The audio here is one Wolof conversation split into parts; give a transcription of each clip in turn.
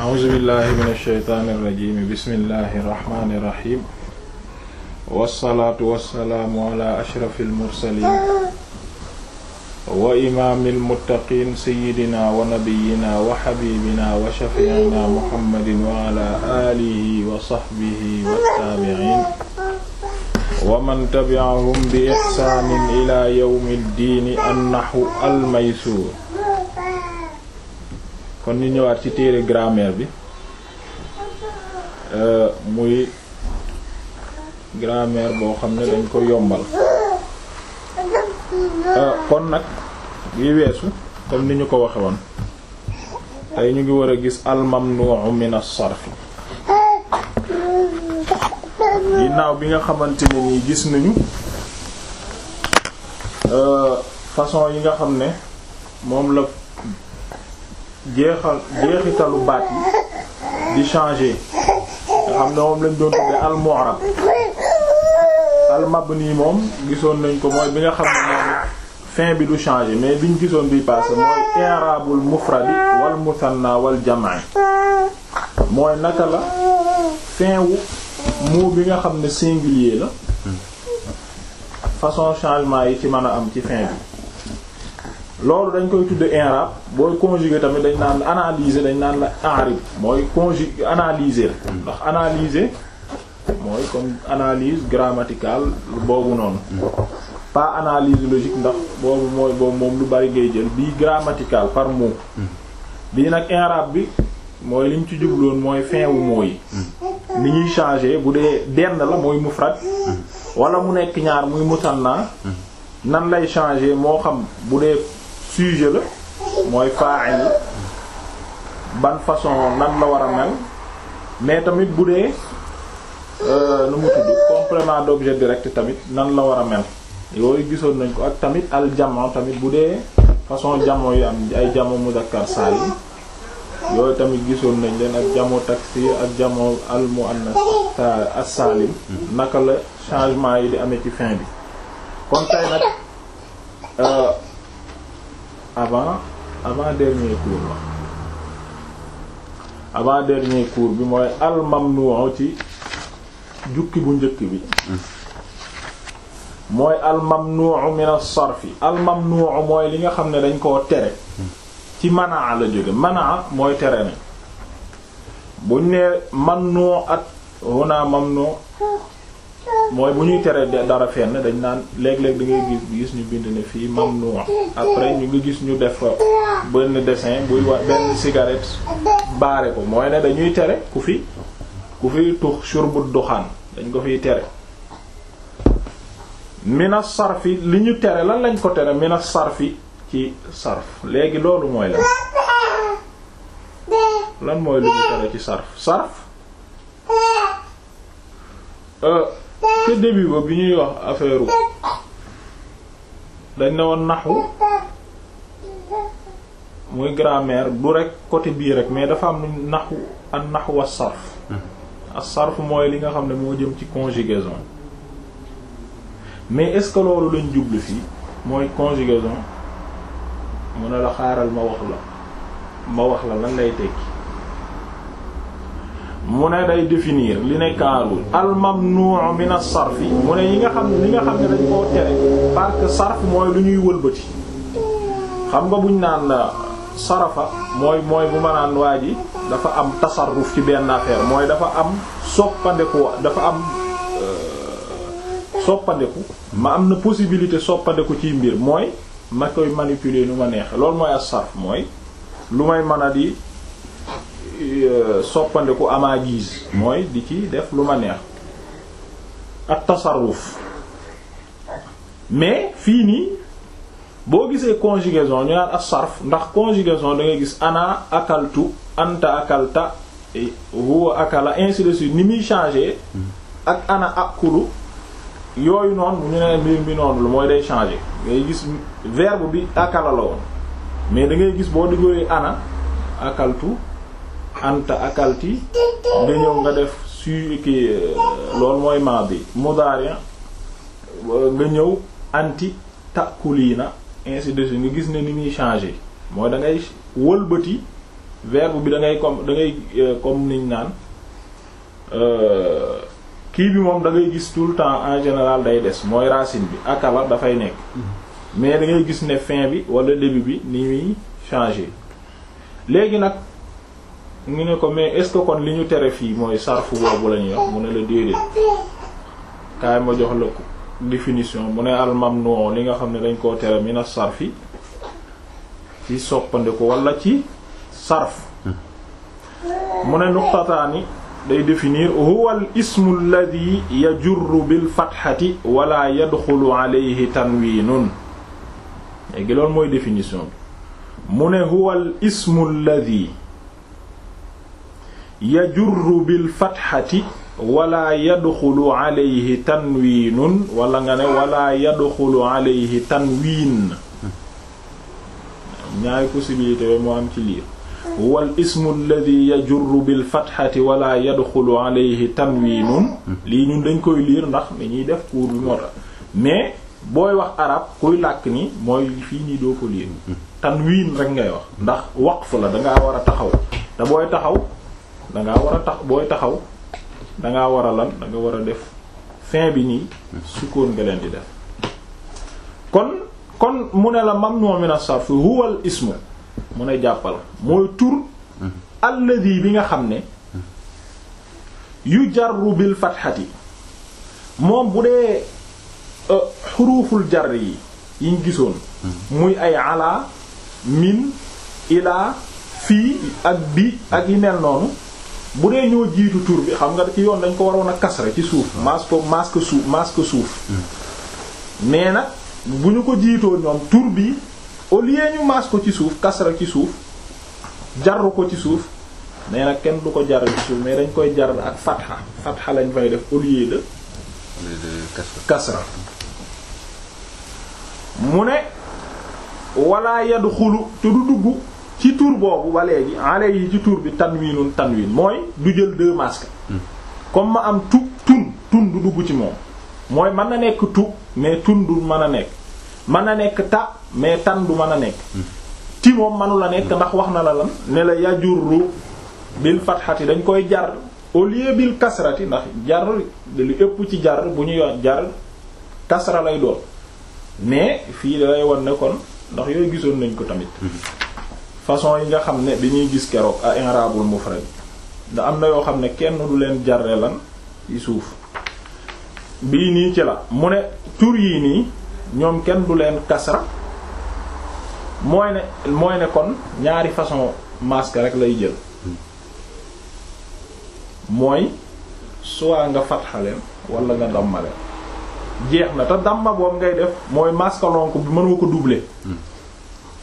a'uuzu billahi min ashaytaani irrajim bismillahi irrahmani irrahim wassalaatu wassalaamu ala ashrafi almursalin wa imaami almuttaqiin sayidina wa nabiyina wa xabibina wa shafiina muhammadin wa ala aalihi wa saxbihi wattaabiciin wa man tabi'ahum bi ixsaanin ila yawmi ddiini annahu almaysuur kon ñu ñëwaat ci téere grammaire bi euh, muy grammaire boo xam ne dañ ko yombal euh, kon nag yi weesu comme ni ñu ko waxe woon tey ñu ngi war a gis almamnu'u min as-sarfi ginnaaw bi nga xamante ne nii gis nañu euh, façon yi nga xam ne moom la jeexal jeexitalu baat yi di changer xam ne moom lañ doon tuddee al mu'rab al mabni moom gisoon nañ ko mooy bi nga xam ne fin bi du changer mais biñ gisoon bi passé mooy i'rabul mufradi wal musanna wal jam'i mooy naka la fin wu mot bi nga xam ne singulier la façon changement yi ci mën a am ci fin bi loolu dañ koy tudde i'rab booy conjuguer tamit dañ naan analyser dañ naan la i'rab mooy conjuguer analyser ndax analyser mooy comme analyse grammaticale boobu noonu pas analyse logique ndax boobu mooy boobu moom lu bari ngay jël bii grammatical par mot bii nag i'rab bi mooy liñ ci jubloon mooy fin wu mot ni ñuy changer bu dee dend la mooy mufrad wala mu nekk ñaar muy musanna nan lay changer moo xam bu dee sujet la mooy fa'il ban façon nan la war a mel mais tamit bu dee euh, nu mu tudd complément d'objet direct tamit nan la war a mel yooyu gisoon nañ ko ak tamit al jamono tamit bu dee façon jamono yi am ay jamono muzakkar saalim yooyu tamit gisoon nañ leen ak jamono taksir ak jamono al muannas as-saalim naka la changement yi di amee ci fin bi kon tey nag. Euh, avant avant dernier cours la avant dernier cours bi mooy al mamnu ci jukki bu njëkk bi mooy al mamnu min as-sarfi al mamnu mooy li nga xam ne dañ koo tere ci manaa la jóge manaa mooy tere ne buñ ne mamnu at huna mamnu mooy bu ñuy tere dara fenn dañ naan léeg-léeg da ngay gis gis ñu bind ne fii mamnu après ñu ngi gis ñu def benn dessin buy wa benn sigaret baare ko mooy ne dañuy tere ku fi ku fi tux shurbu duxaan dañ ko fi tere mina sarfi li ñu tere lan lañ ko tere mina sarfi ci sarf léegi loolu mooy lan lan mooy li ñu tere ci sarf sarf euh, ca début ba bi ñuy wax affaire dañ ne woon naxu muy grammaire du rek côté bii rek mais dafa am naxu an naxu as sarf mm-hmm. as sarf mooy li nga xam ne moo jëm ci conjugaison mais est-ce que lañ jublu fii mooy conjugaison mu ne la xaaral ma wax la ma wax la lan lay tekki mu ne day définir li ne kaaru al mamnu' min as-sarfi mu ne yi nga xam li nga xam ne dañ koo tere parce que sarf mooy lu ñuy wëlbati xam nga buñ naan euh, sarafa mooy mooy bu ma naan waa ji dafa am tasarruf ci benn affaire mooy dafa am soppandeku dafa am euh, soppandeku ma am na possibilité soppandeku ci mbir mooy ma koy manipuler lu ma neex loolu mooy as sarf mooy lu may mën di Euh, soppandiku amaa gis mooy di ci def lu ma neex ak tasarruf mais fii nii boo gisee conjugaison ñu naan as-sarf ndax conjugaison da ngay gis ana akaltu anta akalta huwa akala ainsi de ni muy changer ak ana akulu yooyu noonu bu ñu nee mbir mi noonu la mooy day changer ngay gis verbe bi akala la woon mais da gis boo diggooyee ana akaltu anta akalti nga ñëw nga def su ki euh, loolu mooy bi mudaari nga ñëw anti takuliina ainsi de suite nga gis ne ni muy changé mooy dangay wëlbati verbe bi da ngay comme da ngay euh, comme niñ naan euh, kii bi moom da ngay gis tout le temps en général day des mooy racine bi akala dafay nekk mm-hmm. mais da ngay gis ne fin bi wala début bi ni muy changé léegi nag mu ne ko mais est-ce kon li ñu tere fii mooy sarfu boobu la ñuy mu ne la déedéet kaay ma jox la définition mu ne al mamnu li nga xam ne dañ koo mi mina sarfi ci soppandiku wala ci sarf hmm. mu ne nuqtataani day définir huwa al ismu alladhi yajurru bil fathati wala yadxulu alayhi tanwiinun léegi loolu mooy définition bi mu ne huwa al yajurru bil fatxati wala yadxulu alayhi tanwiinun wala nga ne wala yadxulu alayhi tanwiin ñaari possibilité yooyu moo am ci liir wal ismu alladi yajurru bil fatxati wala yadxulu alayhi tanwiinun lii ñun dañ koy liir ndax ni ñuy def cours bi moo mais booy wax arab kuy làkk ni mooy fii nii doo ko liir tanwiin rek ngay wax ndax fu la danga war a taxaw te booy taxaw dangaa war a tax booy taxaw danga war a lan danga war a def fin bi nii sukkoon nga leen di def kon kon mu ne la mamnu min as-sarf huwa ismu mu ne jàppal mooy tur alladhi bi nga xam ne yu jarru bil fatxati moom bu dee euh, xuruful jar yi yiñ gisoon muy ay ala min ilaa fii ak bi ak yi mel noonu bu dee ñoo jiitu tur bi xam nga ci yoon dañ ko waroon a kasra ci suuf maas masque masque suuf masque suuf mais nag bu ñu ko jiitoo ñoom tur bi au lieu ñu masque ko ci suuf kasra ci suuf jaru ko ci suuf nee nag kenn du ko jar ci suuf mais dañ koy jar ak fat fatxa lañ fay def au lieu de kasra mu ne wala yadxulu te du dugg ci tur boobu ba léegi yi ci tur bi tan tanwiinun tanwiin mooy du jël deux masques hmm. comme ma am tu tun tun du dugg ci moom mooy mën na nekk tu mais tun du mën a nekk mën na nekk ta mais tan du mën a nekk ti hmm. la nekk hmm. ndax wax na la lan ne la yajurru bil fatxati dañ koy jar au lieu bil kasrati ndax jar lu ëpp ci jar bu ñu yoon jar kasra lay doon mais fii dalay wan ne ndax yooyu gisoon nañ ko tamit façon yi nga xam ne bi ñuy gis keroog a i'rabul mufrad da am na yoo xam ne kenn du leen jare lan ci suuf bii nii ci la mu ne tur yii nii ñoom kenn du leen kasra mooy ne mooy ne kon ñaari façon masque rek lay jël mooy soit nga fatxaleen wala nga dammaleen jeex na te damma boobu ngay def mooy masque lonk bi mënoo ko doubler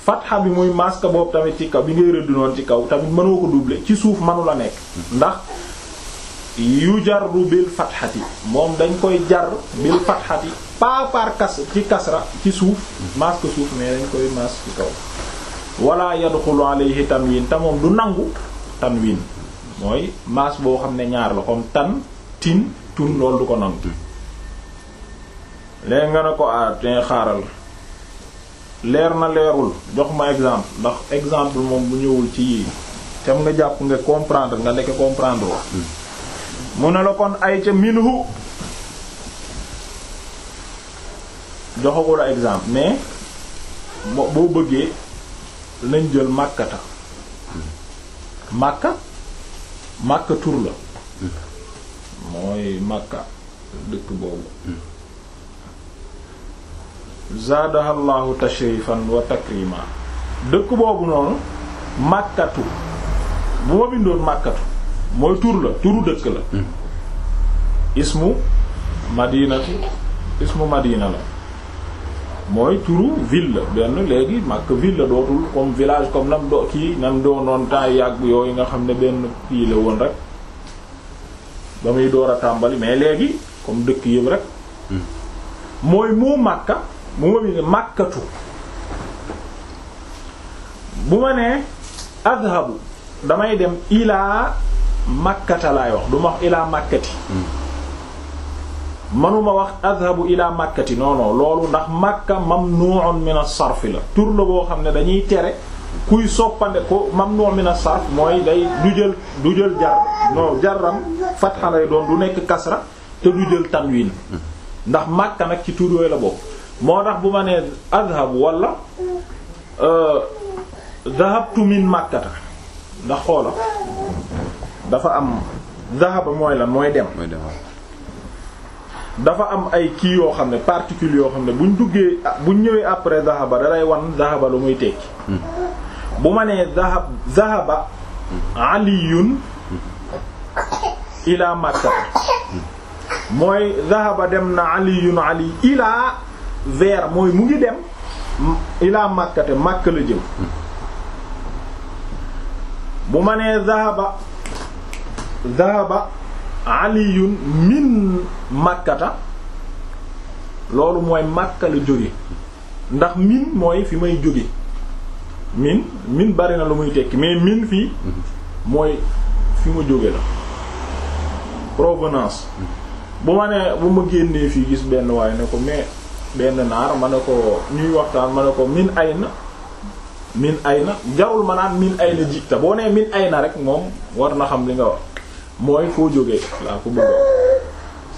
fatxa bi muy masque boobu tamit ci kaw bi ngay rëdd noonu ci kaw tamit mënoo ko doubler ci suuf mënu la nekk ndax yu jarru bil fatxati moom dañ koy jar bil fatxati pas par kas ci kasra ci suuf masque suuf mais dañ koy masque ci kaw wala yadxulu alayhi tanwin te moom du nangu tanwin mooy masque boo xam ne ñaar la comme tan tin tun loolu du ko nangu léegi nga ne ko a ah, xaaral leer na leerul jox ma exemple ndax exemple moom bu ñëwul ci yii tam nga jàpp nga comprendre nga nekk comprendre wa hmm. mu ne la kon ay ca minhu joxagul a exemple mais boo bëggee lañ jël màkkata màkka hmm. màkka tur la hmm. mooy màkka dëkk boobu zaadaha llahu tashrifan wa takrima dëkk boobu noonu màkkatu bu ma bindoon màkkatu mooy tur la turu dëkk la hmm. ismu madinatu ismu madina la mooy turu ville benn léegi màkk ville la dootul comme village comme nam do kii nam doonoon temps yàgg yooyu nga xam ne benn kii woon rek ba muy door a tàmbali mais léegi comme dëkk yëpp rek hmm. mooy moo màkka bu ma màkkatu bu ma nee adhabu damay dem ilaa màkkata lay wax du ma wax ilaa màkkati manuma wax adhabu ilaa màkkati non loolu ndax màkka mamnu'un min as-sarf la tur boo xam ne dañuy tere kuy soppande ko mamnu' min as-sarf mooy day du jël du jël jar non jarram doon du nekk kasra te du jël tanwin ndax màkka nag ci tur yooyu la bokk moo tax bu ma nee adhab wala euh, dhahabtu min makkata ndax xoola dafa am dhahaba mooy lan mooy dem dafa am ay kii yoo xam ne particules yoo xam ne buñ duggee buñ ñëwee après dhahaba da lay wan dhahaba lu muy tekki hmm. bu ma nee dhahab dhahaba aliyun ila makkata hmm. mooy dhahaba dem na aliyun ali ila vers mooy mu ngi dem ilaa Makka te la jëm bu ma nee zahaba zahaba aliyun min makkata loolu mooy Makka la jóge ndax min mooy fi may jóge min min barina na lu muy tekki mais min fii mooy fi ma jóge la provenance bu ma nee bu ma génnee fii gis benn waaye ne ko mais benn naar ma ne ko ñuy waxtaan ma ne ko min ay na min ay na jarul ma naan min ay na boo nee min ay na rek moom war na xam li nga wax mooy foo jógee laa ko bëgg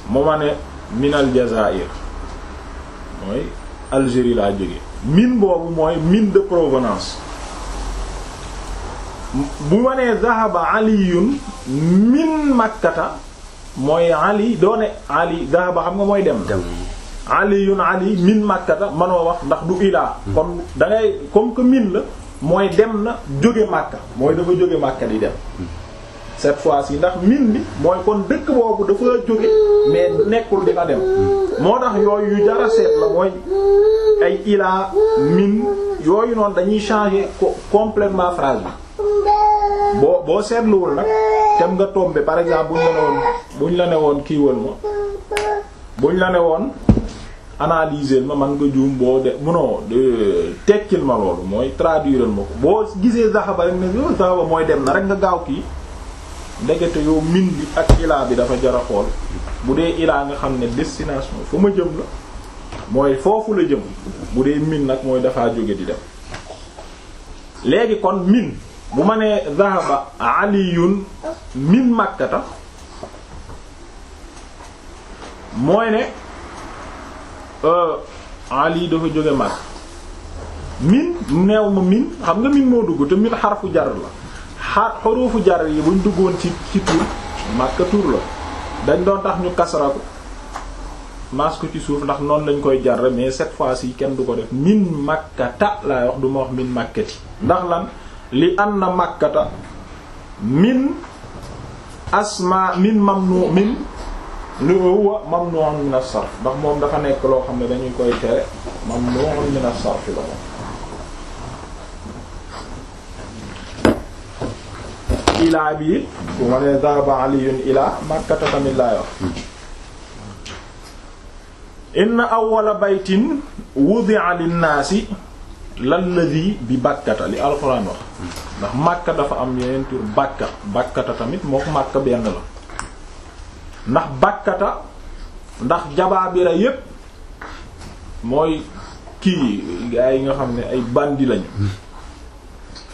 mu ma ne min aljazair mooy Algérie laa jógee min boobu mooy mine de provenance bu ma nee zahaba aliyun min makkata mooy ali doone ali zahaba xam nga mooy dem aliyun ali min màkkata manoo wax ndax du ilaa kon da comme que min la mooy dem na jóge màkka mooy dafa jóge màkka di dem fois-ci ndax mooy kon dëkk boobu dafa jóge mais nekkul di dem moo tax yooyu yu jara seet la mooy ay ilaa min yooyu noonu dañuy changer complètement phrase bi boo boo seetluwul nag tem nga tomber par exemple buñ ñu ne woon la ne woon kiiwal ma buñ la ne woon analyser ma man nga juum boo de munoo tekkil ma loolu mooy traduire ma ko boo gisee zahaba rek na oh, zahaba mooy dem na rek nga gaaw kii ndekete yow min bi ak ilaa bi dafa jar a xool bu dee ilaa nga xam ne destination fa ma jëm la mooy foofu la jëm bu dee min nag mooy dafaa jóge di dem léegi kon min bu ma nee zahaba aliyun min makkata mooy ne Ali dafa jóge mag min neew ma min xam nga min moo dugg te min xarfu jar la xar xaruufu jar yi buñ duggoon ci ci tur Makka tur la dañ doon tax ñu kasra ko ko ci suuf ndax noonu lañ koy jar mais cette fois-ci kenn du ko def min makkata laay wax du ma wax min makkati ndax lan li an na makkata min asma min mamnu min lu huwa mamnu'un min as ndax moom dafa nekk loo xam ne dañuy koy tere mamnu'un min as-sarf la moom ilaa bi it bu ma nee daraba aliyun ilaa makkata tamit laay wax inna awwala baytin wudi'a lin-naasi lalladhi bi bàkkata li alxuraan wax ndax màkka dafa am yeneen tur bàkka bàkkata tamit mook màkka benn la ndax bàkkata ndax jabaabira yépp mooy kii gaa yi nga xam ne ay bandi lañu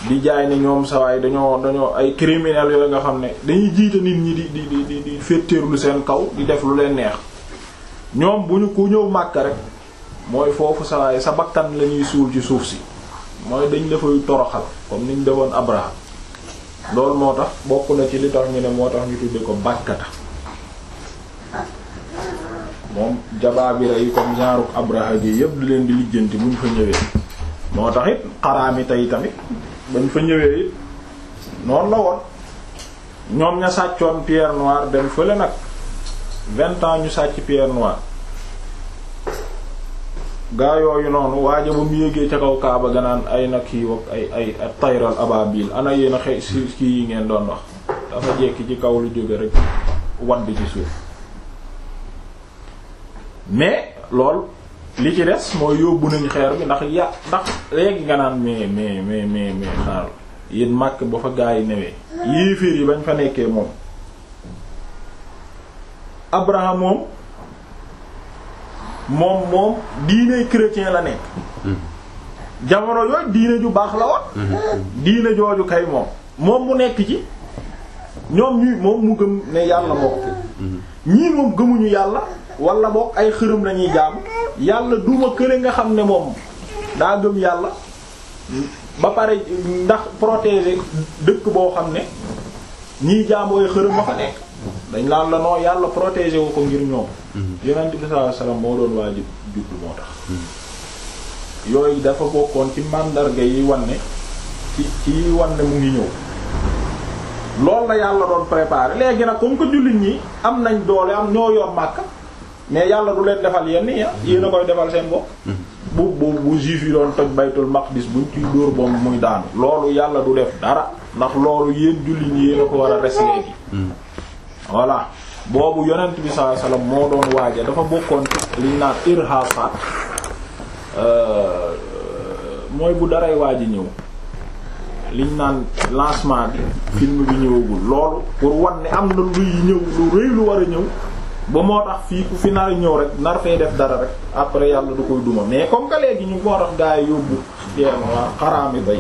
di jaay ne ñoom sawaay dañoo dañoo ay criminels yooyu nga xam ne dañuy jiite nit ñi di di di di di seen kaw di def lu leen neex ñoom bu ñu ku ñëw màkk rek mooy foofu sawaay sa bakkan la ñuy suul ci suuf si mooy dañ la fay toroxal comme niñ defoon Abraham loolu moo tax bokk na ci li tax ñu ne moo tax ñu tudde ko bàkkata moom jabaabira yi comme genre abraha gi yëpp di leen di lijjanti buñ fa ñëwee moo tax it xaraami tey tamit bañ fa ñëwee it noonu la woon ñoom ña sàccoon pierre noire dem fële nag vingt ans ñu sàcc pierre noire gaa yooyu noonu waaja ba mu yéegee ca kaw kaaba ganaan ay na kii wag ay ay tayral ababil ana yéen a xëy kii yi ngeen doon wax dafa jekki ci kaw lu jóge rek wadd ci suuf mais lool li ci des mooy yóbbu nañu xeer bi ndax ya ndax léegi nga naan mais mais mais mais xaaral yéen màkk ba fa gaa yi newee fiir yi bañ fa nekkee moom Abraham moom moom moom diine chrétien la nekk jamono yooyu diine ju baax la woon diine jooju kay moom moom mu nekk ci ñoom ñuy moom mu gëm ne yàlla moo ñii moom gëmuñu yàlla wala boo ay xërëm lañuy jaam yàlla duma kële nga xam ne moom daa gëm yàlla ba pare ndax protéger dëkk boo xam ne ñiy jaamooy xërëm ma fa nekk dañ laan la noo yàlla protéger wu ko ngir ñoom mhm. yonent bi sallallahu alayhi moo doon waa jub moo tax yooyu dafa bokkoon ci màndarga yi wanne ci ci yi wanne mu ngi ñëw loolu la yàlla doon préparer léegi nag comme ko jullit ñi am nañ doole am ñoo yor Makka mais yàlla du leen defal yenn yi na koy defal seen bopp. bu bu bu juif yi doon toj baytul maqdis buñ ciy dóor bomb muy daanu loolu yàlla du def dara ndax loolu yéen jullit ñi yéen a ko war a resile gi voilà boobu yonent bi sallallahu moo doon waaja dafa bokkoon ci liñ naan irhasat euh, mooy bu daray waaji ñëw liñ naan lancement bi film bi ñëwagul loolu pour wan ne am na luy ñëw lu rëy lu war a ñëw ba moo tax fii ku fi nar a ñëw rek nar fay def dara rek après yàlla du koy duma mais comme que léegi ñu moo tax gaa yi yóbbu yenn waa xaraami bay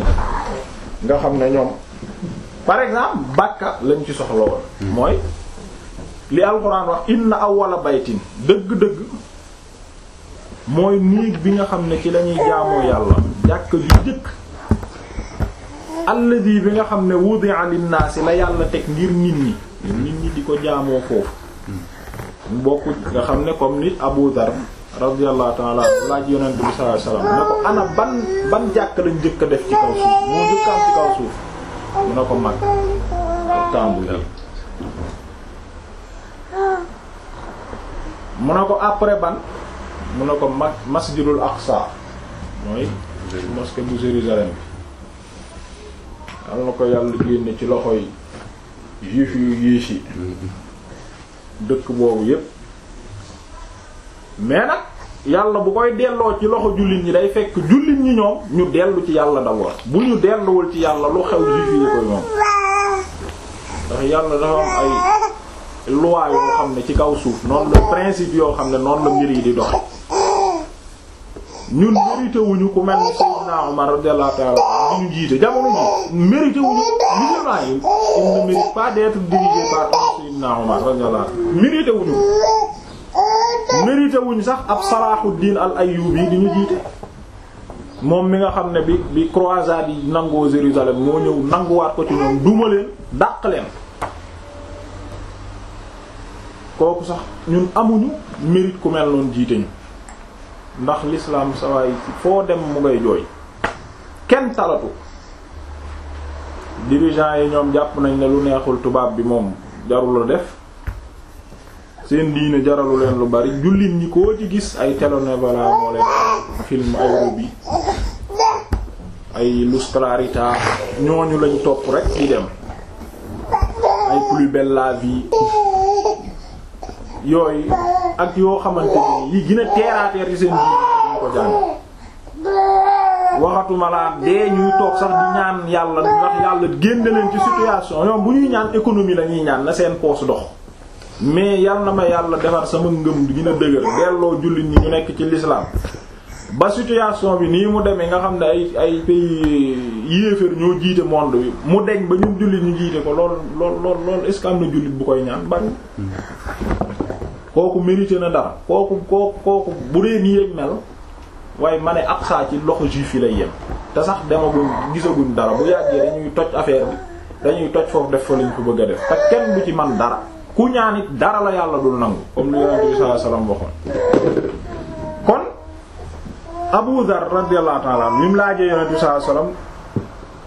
nga xam ne ñoom par exemple bàkka lañ ci soxla woon hmm. mooy li alxuraan wax inna awwala baytin dëgg-dëgg mooy néeg bi nga xam ne ci lañuy jaamoo yàlla jàkk ju jëkk alladi bi nga xam ne wudi'a linnaasi la yàlla teg ngir nit ñi nit ñi di ko jaamoo foofu bokku nga xam ne comme ni Abu Dhar radiyallahu la laaj yonent bi sallallahu alayhi wasallam ne ko ana ban ban jàkk lañ njëkk a def ci kaw suuf moo njëkkaan ci kaw suuf mu ne ko mag tàmbu yi mu ne ko après ban mu ne ko mag masjidul aqsa mooy mosquée bu Jérusalem bi am na ko yàlla génne ci loxoy juif yu yiis yi dëkk boobu yépp mais nag yàlla bu koy delloo ci loxo jullit ñi day fekk jullit ñi ñoom ñu dellu ci yàlla d'abord bu ñu delluwul ci yàlla lu xew juifs ko ñoom ndax yàlla dafa am ay loi yoo xam ne ci kaw suuf noonu la principe yoo xam ne noonu la mbir yi di doxe ñun mérité wuñu ku mel ni Seydina Omar radiyallahu ta'ala ñu jiite jamono ji mérité wuñu musulmans yi ils ne méritent pas d'être dirigés par Seydina Omar radiyallahu anhu mérité wuñu sax ab Salahuddin al Ayyubi di ñu jiite moom mi nga xam ne bi bi croisade yi nangoo Jérusalem moo ñëw nanguwaat ko ci ñoom duma leen dàq leen kooku sax ñun amuñu mérite ku mel noonu jiite ñu ndax l'islam sawaay foo dem mu ngay jooy kenn talatu dirigeant yi ñoom jàpp nañ ne lu neexul tubaab bi moom jarul def seen diine jaralu leen lu bari jullit ñi koo ci gis ay télénovela moo film ay ay Luz ñooñu lañ topp rekk di dem ay Plus belle vie yooyu ak yoo xamante yi gën a teeraateer ci seen diine ñu ko jàng waxatuma laa dee ñuy toog sax di ñaan yàlla ndax yàlla génn leen ci situation bu ñuy ñaan économie la ñuy ñaan na seen poos dox mais yàlla na ma yàlla defar sama ngëm di gën a dëgër delloo jullit ñi ñu nekk ci lislaam ba situation bi nii mu demee nga xam ne ay ay pays yéeféer ñoo jiite monde bi mu deñ ba ñu jullit ñu jiite ko lool lool lool lool am na jullit bu koy ñaan bari hmm. kooku mérité na dara kooku kooku kooku bu dee nii yëg mel waaye ma ne absa ci loxo juif yi lay yem te sax demagul gisaguñ dara bu yàggee dañuy toj affaire bi dañuy toj foofu def fa lañ ko bëgg a def te kenn du ci man dara ku ñaan it dara la yàlla dul nangu comme li yonent bi sallallahu alayhi wasallam waxoon kon Abu Dhar radiyallahu ta'ala anhu la laajee yonent bi sallallahu alayhi wasallam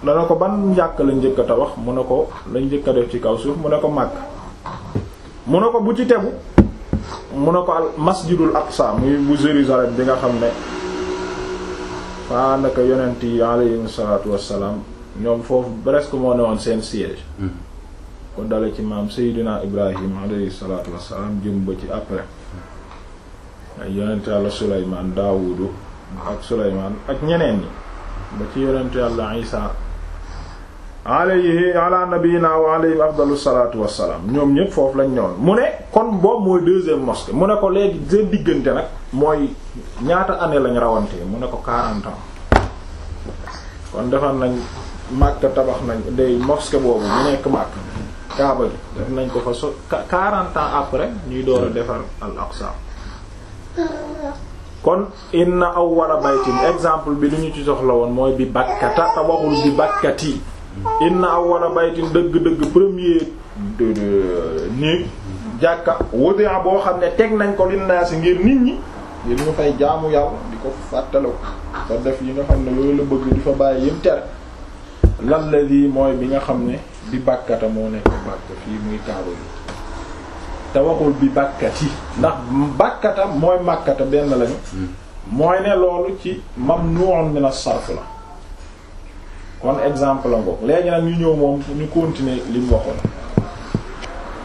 dana ko ban njàkk la njëkk a tabax mu ne ko la njëkk a def ci kaw suuf mu ne ko màgg mu ne ko bu ci tebu mu ne ko al masjidul aqsa muy bu Jérusalem bi nga xam ne fa naka yonent yi alayhim salaatu wassalaam ñoom foofu presque moo ne woon seen siège hmm. ko dale ci maam Seydina Ibrahim alayhi salaatu wassalaam jëm ba ci après ay yonent yàlla Suleymaan Daawudu ak Suleymaan ak ñeneen ñi ba ci yonent yàlla Isaa alayhi ala nabiyina wa alayhi afdalu salaatu wassalaam ñoom ñëpp foofu lañ ñëwoon mu ne kon boobu mooy deuxième mosquée mu ne ko léegi seen diggante nag mooy ñaata année lañ rawante mu ne ko 40 kon defar nañ Makka tabax nañ day mosquée boobu bu nekk Makka Kaaba gi def nañ ko fa so 40 ans après ñuy door a defar al-Aqsa kon inna awwala baytin exemple bi lu ci soxla woon mooy bi bakkata tabaxul bi bakkati inna awwala baytin dëgg-dëgg premier néeg jàkka wudi'a boo xam ne teg nañ ko linnaasi ngir nit ñi ngir ñu fay jaamu yàlla di ko fàttalew sa def yi nga xam ne yooyu la bëgg di fa bàyyi yim tere lan la mooy bi nga xam ne bi bàkkata moo nekk bàkk fii muy kaaba yi te bi bàkkat yi ndax bàkkata mooy màkkata benn lañu hmm. mooy ne loolu ci mamnu'un min as-sarf la kon exemple la ngoog léegi nag ñu ñëw moom ñu continuer li waxoon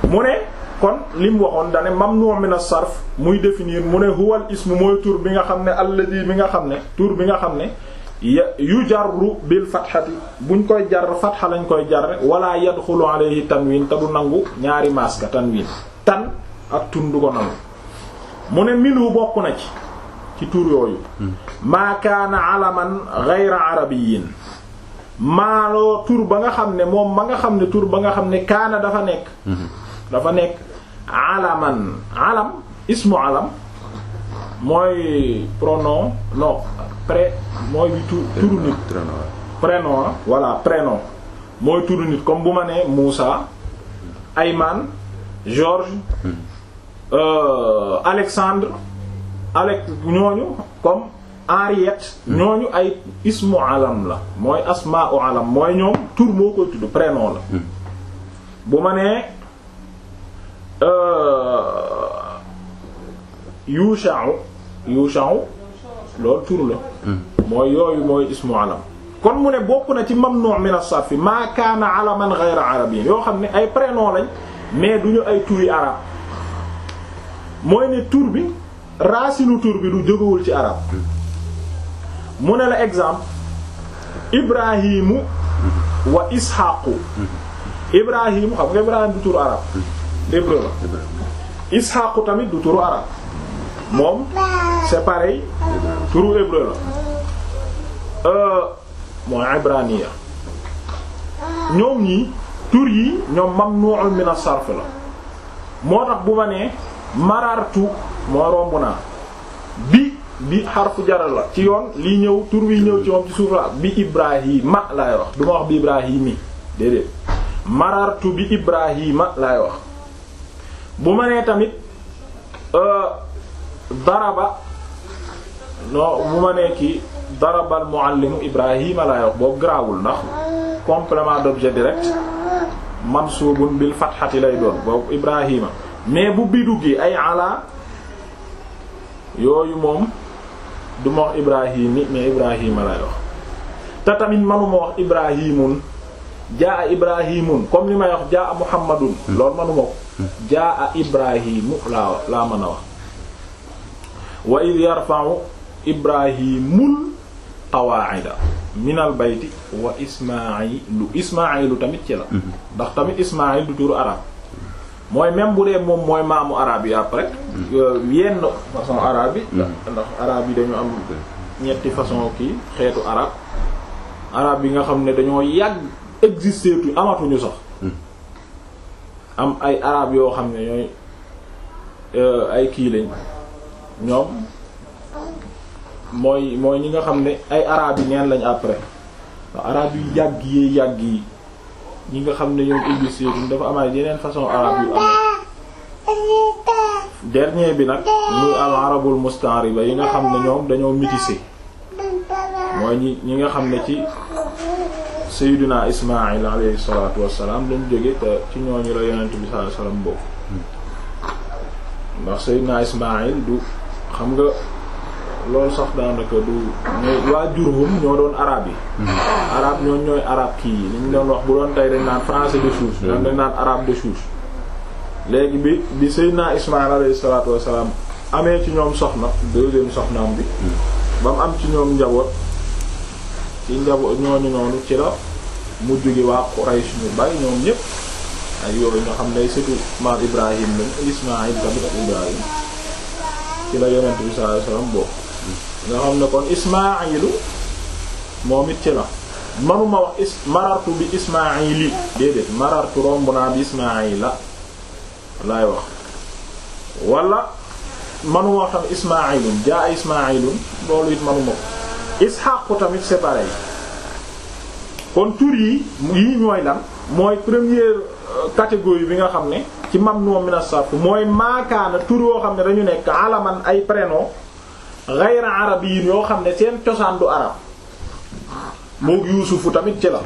mu ne kon li mu waxoon dane mamnu min as-sarf muy définir mu ne huwal ismu mooy tur bi nga xam ne alladi bi nga xam ne tur bi nga xam ne yu jarru bil fatxati buñ koy jar fatxa koy jar wala yadxulu alayhi tanwin te du nangu ñaari maska tanwin tan ak tun du ko nangu mu ne minhu bokk na ci ci tur yooyu hmm. maakaana alaman ghayra arabiyyin maaloo tour ba nga xam ne moom ma nga xam ne tur ba nga xam ne kaana dafa nekk mhm. dafa nekk alaman alam ismu alam mooy pronom non pré mooy bi tur turu nit prénom ah, voilà prénom mooy turu nit comme bu ma nee Moussa Ayman Georges mhm. euh, Alexandre Alex ñooñu comme Henriette ñooñu ay ismu alam la mooy asmaa u alam mooy ñoom tur moo koy tudd prénom la hmm. bu ma nee euh, yusha'u yusha'u loolu tur la hmm. mooy yooyu mooy ismu alam kon mu ne bokk na ci mamnu' min as-sarf ma kaana alaman ghayra arabiyyin yoo xam ne ay prénom lañ mais du duñu ay turi arab mooy ne tur bi racine tur bi du jógewul ci arab hmm. mu ne la exemple ibrahimu wa ishaqu ibrahimu xam nga ibrahim du turu arab hébreu la ishaqu tamit du turu arab moom c'est pareil turu hébreu la euh, mooy ibraniya ñoom ñii tur yi ñoom mamnu'un min as la moo tax bu ma nee marartu moo romb naa bi bi xarfu jaral la ci yoon lii ñëw tur wi ñëw ci moom ci suuf la bi ibrahima laay wax duma wax bi ibrahimi déedéet marartu bi ibrahima laay wax bu ma nee tamit euh, daraba non bu ma nee kii darabal muallimu ibrahima laay wax boobu garaawul ndax complément d'objet direct mansuubun bil fatxati lay doon boobu ibrahima mais bu bidu gi ay ala yooyu moom du ma wax ibrahimi mais ibrahima lay wax te tamit manuma wax ibrahimun jaa ibrahimun comme li may wax jaa muhammadun loolu manuma ko jaa ibrahimu laa mën a wax wa id yarfa'u ibrahimul qawaa'ida minal bayti wa ismailu ismailu tamit ci la mhm. ndax tamit ismail du turu arab mooy même bu dee moom mooy maamu arabe yi après. Mm. Euh, yenn façon arabe yi. Mm. ndax arabe yi dañu am ñetti façon kii xeetu arabe. arabe yi nga xam ne dañoo yàgg existé tu amatuñu sax. Mm. am ay arabe yoo xam ne ñooy euh, ay kii lañ ñoom mooy mooy ñi nga xam ne ay arabe yi neen lañ après waaw arabe yu yàgg yi yàgg yi. ñi nga xam ne ñoom iblis dafa amaat yeneen façon arabe yu am dernier bi nag muy al arabul mustaariba yi nga xam ne ñoom dañoo métissé mooy ñi ñi nga xam ne ci sayyidina ismail alayhi salatu wassalam lañ jóge te ci ñooñu la yonent bi sallallahu alayhi wasallam bokk ndax sayyidina ismail du xam nga loolu sax daanaka du waa Jurhum ñoo doon arabe yi. Hmm. arabe ñooñu ñooy arabe kii yi li ñu doon wax bu doon tey dañ naan français de souche. Hmm. dañ dañ naan arabe de souche. léegi bi bi Seydina Ismaïl alayhi salaatu wa salaam amee ci ñoom soxna deuxième soxnaam bi. Hmm. ba mu am ci ñoom njaboot ci njaboot ñooñu noonu ci la mujj gi waa Quraysh ñu bari ñoom ñépp ak yooyu nga xam ne surtout maam Ibrahim lañ Ismaïl tamit Ibrahim ci la yonent bi sallallahu alayhi nga xam ne kon ismailu moom it ci la manuma wax is marartu bi ismaili déedéet marartu romb naa bi ismaila laay wax wala manuma wax tam ismailun jaa ismailun loolu it manuma ko isxaqu tamit c'est pareil kon tur yi yii ñooy lan mooy premier euh, catégorie bi nga xam ne ci mam noo mina sarf mooy maakaana tur yoo xam ne dañu nekk alaman ay prénom ghayra yii yoo xam ne seen cosaan du arab moog yuusufu tamit ci la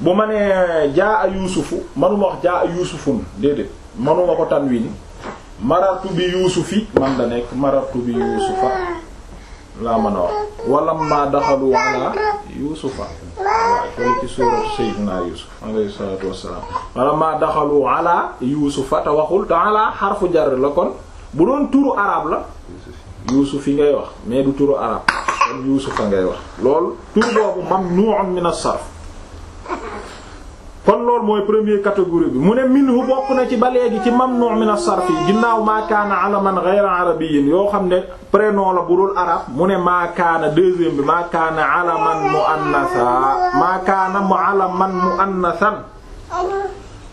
bu ma nee jaa a yuusufu manuma wax jaa a yuusufun déedéet manuma ko tanwin marartu bi yuusufi man da nekk marartu bi yuusufa laa mën a wax walamma daxalu daxalu ala yuusufa te waxul te ala xarfu jar la kon bu doon turu arab la yuusuf yi ngay wax mais du turu arab kon yuusufa ngay wax lool tur boobu mamnu'un min as-sarf kon loolu mooy premier catégorie bi mu ne minhu bokk na ci ba léegi ci mamnu' min as-sarf yi ginnaaw maa kaana alaman ghayra arabiyyin yoo xam ne prénom la bu dul arab mu ne maa kaana deuxième bi maa alaman alaman mu'annatha maa kaana alaman mu'annathan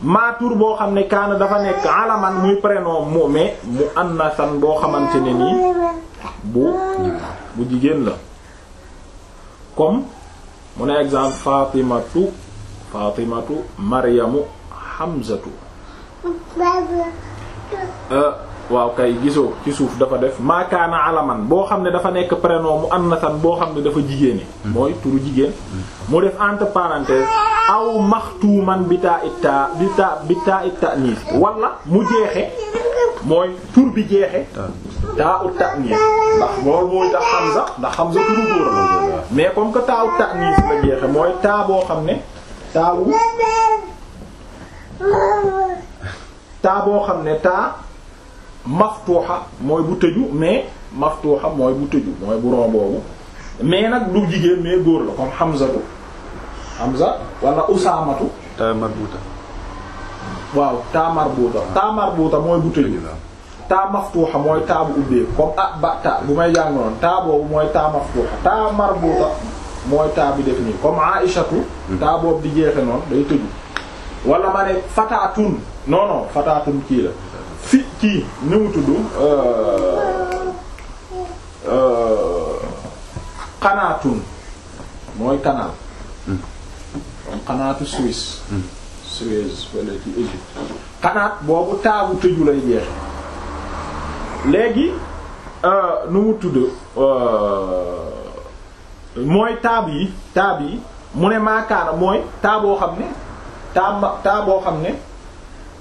maa tur boo xam ne kaana dafa nekk alaman muy prénom mu mais mu boo xamante ne nii bu bu jigéen la comme mu ne exemple fatimatu fatimatu maryamu hamzatu euh, waaw kay gisoo ci suuf dafa def maakaana alaman boo xam ne dafa nekk prénom mu annasan boo xam ne dafa jigéene mooy turu jigéen mu def entre parenthèse aw maxtuuman bi taa itta bi taa bi taa itta niis wala mu jeexe mooy tur bi jeexe taa ut ta niis ndax loolu mooy tax Hamza ndax Hamza turu góor la mais comme que taa ut ta niis la jeexe mooy taa boo xam ne taawu taa boo xam ne taa maftuuxa mooy bu tëju mais maftuuxa mooy bu tëju mooy bu ron boobu mais nag du jigéen mais góor la comme Hamzatu Hamza wala Usaamatu ta marbuuta waaw ta marbuuta ta marbuuta mooy bu tëju ta mooy ta bu comme ah ba ta bu may jàng noonu ta mooy ta maftuuxa ta marbuuta mooy taa bi def nii comme Aïshatu hmm. taa boobu di jeexe noonu day tëju wala ma ne fataatun non fataatun kii la fi kii nu mu tudd euh, euh, mooy canal comme xanaatu Suisse Suisse wala ci Égypte xanaat boobu taabu tëju lay jeex léegi euh, nu mu tudd mooy taab yi taab yi mu ne maakaana mooy taaboo xam ne taab taaboo xam ne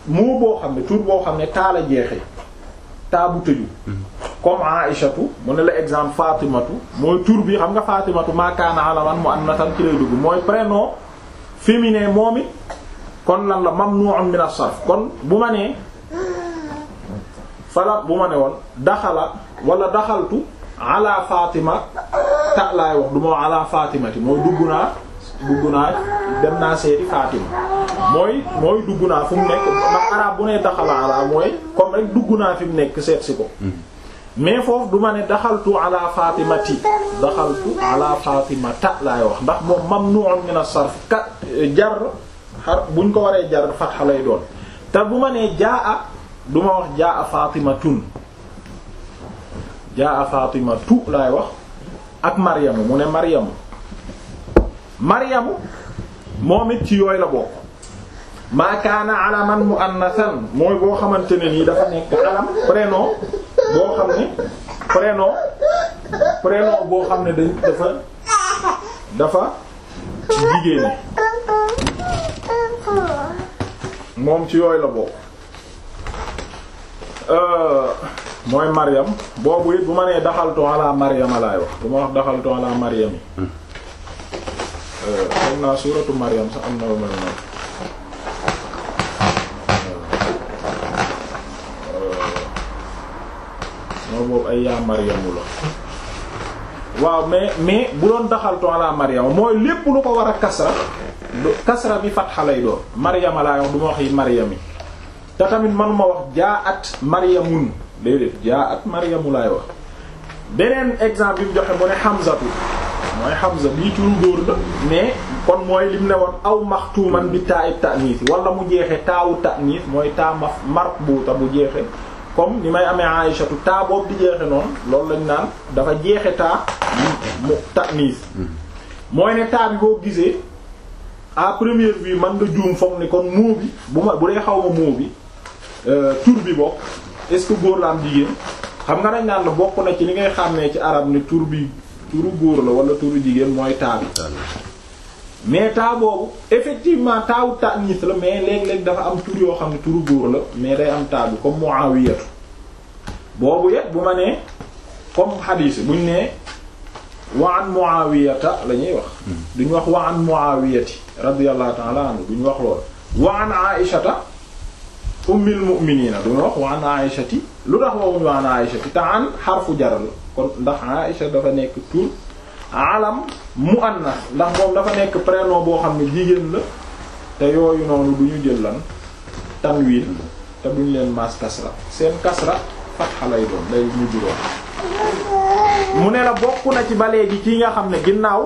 moo boo xam ne tuur boo xam ne taa la jeexee taa bu tëju hmm. comme aïchatu mu ne la exemple fatimatu mooy tur bii xam nga fatimatu maakaana alaman mu am na tan ci lay dugg mooy prénom féminin moom it kon lan la mamnu'un min as-sarf kon bu ma nee fala bu ma ne woon daxala wala daxaltu ala fatima ta laay wax du ma ala fatimati mooy dugg naa dugg naa dem naa seeti fatima mooy mooy dugg naa fi mu nekk ndax arab bu ne daxala ala mooy comme rek dugg naa fi mu nekk seet si ko mhm. mais foofu du ma ne daxaltu ala fatimati daxaltu ala fatimata laay wax ndax moom mamnu'un min as-sarf kat jar xar buñ ko waree jar fatxa lay doon te bu ma nee jaa a du ma wax jaa a fatimatun jaa a fatimatu laay wax ak maryamu mu ne maryamu maryamu moom it ci yooyu la bokk maakaana alaman mu annasan mooy boo xamante ne nii dafa nekk alam prénom boo xam ne prénom prénom boo xam ne dañ dafa dafa jigéen moom ci yooyu la bokk euh, mooy Maryam boobu it bu ma nee daxaltu ala Maryama laay wax bu ma wax daxaltu ala Maryam yi. Euh, xam naa suuratu Maryam sax am na lu mel noonu. non boobu waaw mais mais bu doon ton ala Maryama mooy lépp lu ko war a kasra kasra bi fatxa lay doon Maryama laa wax du ma wax yi Maryami te tamit manuma wax jaa at Maryamun déedéet jaa at Maryamu laay wax beneen exemple bi mu joxe mu ne Hamzatu mooy Hamza bii turu góor la mais kon mooy lim ne woon aw maxtuuman bi taa it ta'niis wala mu jeexee taawu ta'niis mooy taa maf marbuuta bu jeexee comme ni may amee Aïshatu taa boobu di jeexe noonu loolu lañ naan dafa jeexe taa mu takniis mooy ne taa bi boo gisee à première man nga juum foog ni kon muu bi bu ma bu dee xaw ma muu bi euh, tur bi bokk est-ce que góor la am jigéen xam nga dañ naan la bokk na ci li ngay xàmmee ci arab ni tur bi turu góor la wala turu jigéen mooy taa bi mais taa boobu effectivement taawu ta'nis la mais léeg-léeg dafa am tur yoo xam ne turu góor la mais day am taa bi comme Muawiyatu boobu yet bu ma nee comme xadiis buñ nee wa an Muawiyata la ñuy wax duñ wax wa an Muawiyati radiyallahu ta'ala anhu duñ wax lool wa an Aishata ummil mu'minina duñ wax wa Aishati lu tax waxuñ wa an Aishati te xarfu jar kon ndax Aisha dafa nekk tur alam muannas ndax moom dafa nekk prénom boo xam ne jigéen la te yooyu noonu du ñu jël lan tanwin te duñ leen maas kasra seen kasra fatxa lay doon day mujj doon mu ne la bokk na ci ba léegi kii nga xam ne ginnaaw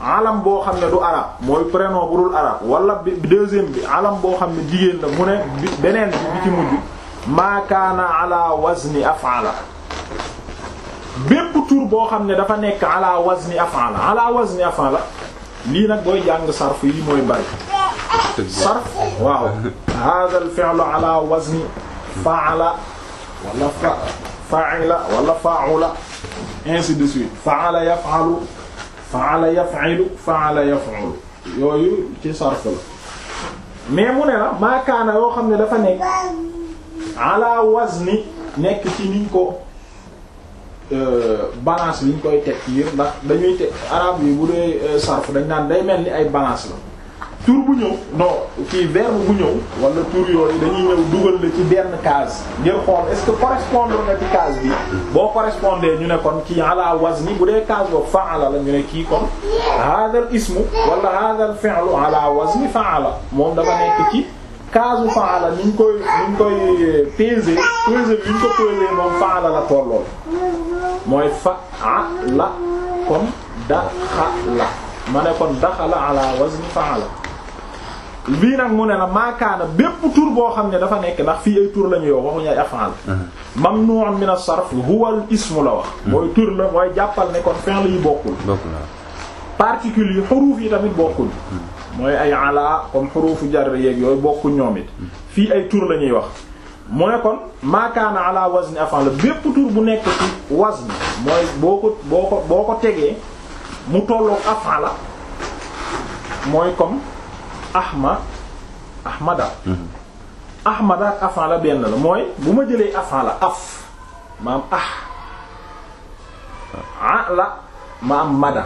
alam boo xam ne du arab mooy prénom bu dul arab wala bi bi alam boo xam ne jigéen la mu ne beneen bi ci mujj maakaana ala wazni af'ala bépp tur boo xam ne dafa nekk ala wazni af'ala ala wazni af'ala lii nag booy jàng sarf yi mooy bari sarf waaw hadha al fi'lu ala wazni fa'ala wala fa fa'ila wala fa'ula ainsi de suite fa'ala yaf'alu fa'ala yaf'ilu fa'ala yaf'ulu yooyu ci sarf la mais mu ne la maakaana yoo xam ne dafa nekk ala wazni nekk ci niñ ko Euh, balance liñ koy teg yëpp ndax dañuy teg arab yi bu dee euh, sarf dañ naan day mel ni ay balance la tur bu ñëw non kii verbe bu ñëw wala tur yooyu dañuy ñëw dugal la ci benn case ngir xool est-ce que correspondre na ci case bi boo correspondre ñu ne kon kii ala wazni bu dee case boobu fa'ala la ñu ne kii kon hadha ismu wala hadha al fi'lu ala wazni fa'ala moom dafa nekk ki kaasu faala ni ñu koy ni ñu koy peser peser bi ñu ko peser moom faala la tollool mooy faala kon daxala ma ne kon daxala ala wazni faala bii nag mu ne la maakaana bépp tur boo xam ne dafa nekk ndax fii ay tur la ñuy wax waxuñu ay af'al uh-huh. mamnu'un min as-sarf huwa ismu la wax uh-huh. mooy tur la mooy jàppal ne kon fi'l yi bokkul particule yi xuruuf yi tamit bokkul uh-huh. mooy ay ala comme xurufu jar yeeg yooyu bokku ñoom it fii ay tur lañuy wax mu ne kon maakaana ala wazni afan la bépp tur bu nekk ci wazn mooy boo ko boo ko boo ko tegee mu tolloo afan la mooy comme ahma ahmada mm-hmm. benn la mooy bu ma jëlee afan la af maam ah a la maam mada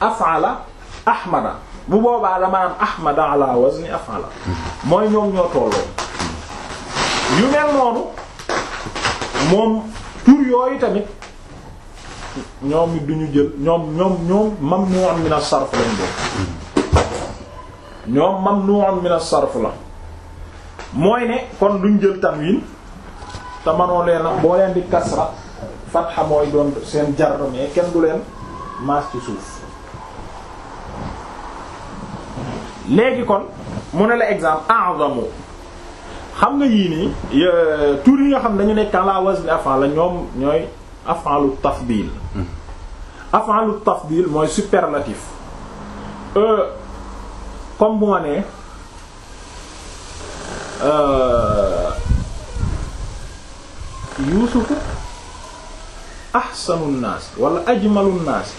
afan la ahmada bu boobaa dama am ahmad ala wazni afala mooy ñoom ñoo tolloo yu mel noonu moom tur yooyu tamit ñoom it duñu jël ñoom ñoom ñoom mamnu'un min as-sarf lañ doon ñoom mamnu'un min as-sarf la mooy ne kon duñ jël tanwin te manoo leen boo leen di kasra fatha mooy doon seen jardo mais kenn du leen maas ci suuf léegi kon mu ne la exemple a'zamu xam nga yii nii tur yi nga xam dañu nekk ala wazn af'ala ñoom ñooy af'alu tafdil hmm. af'alu tafdil mooy superlatif euh, comme bu wane nee euh, yuusufu ahsanu naas wala ajmalu naas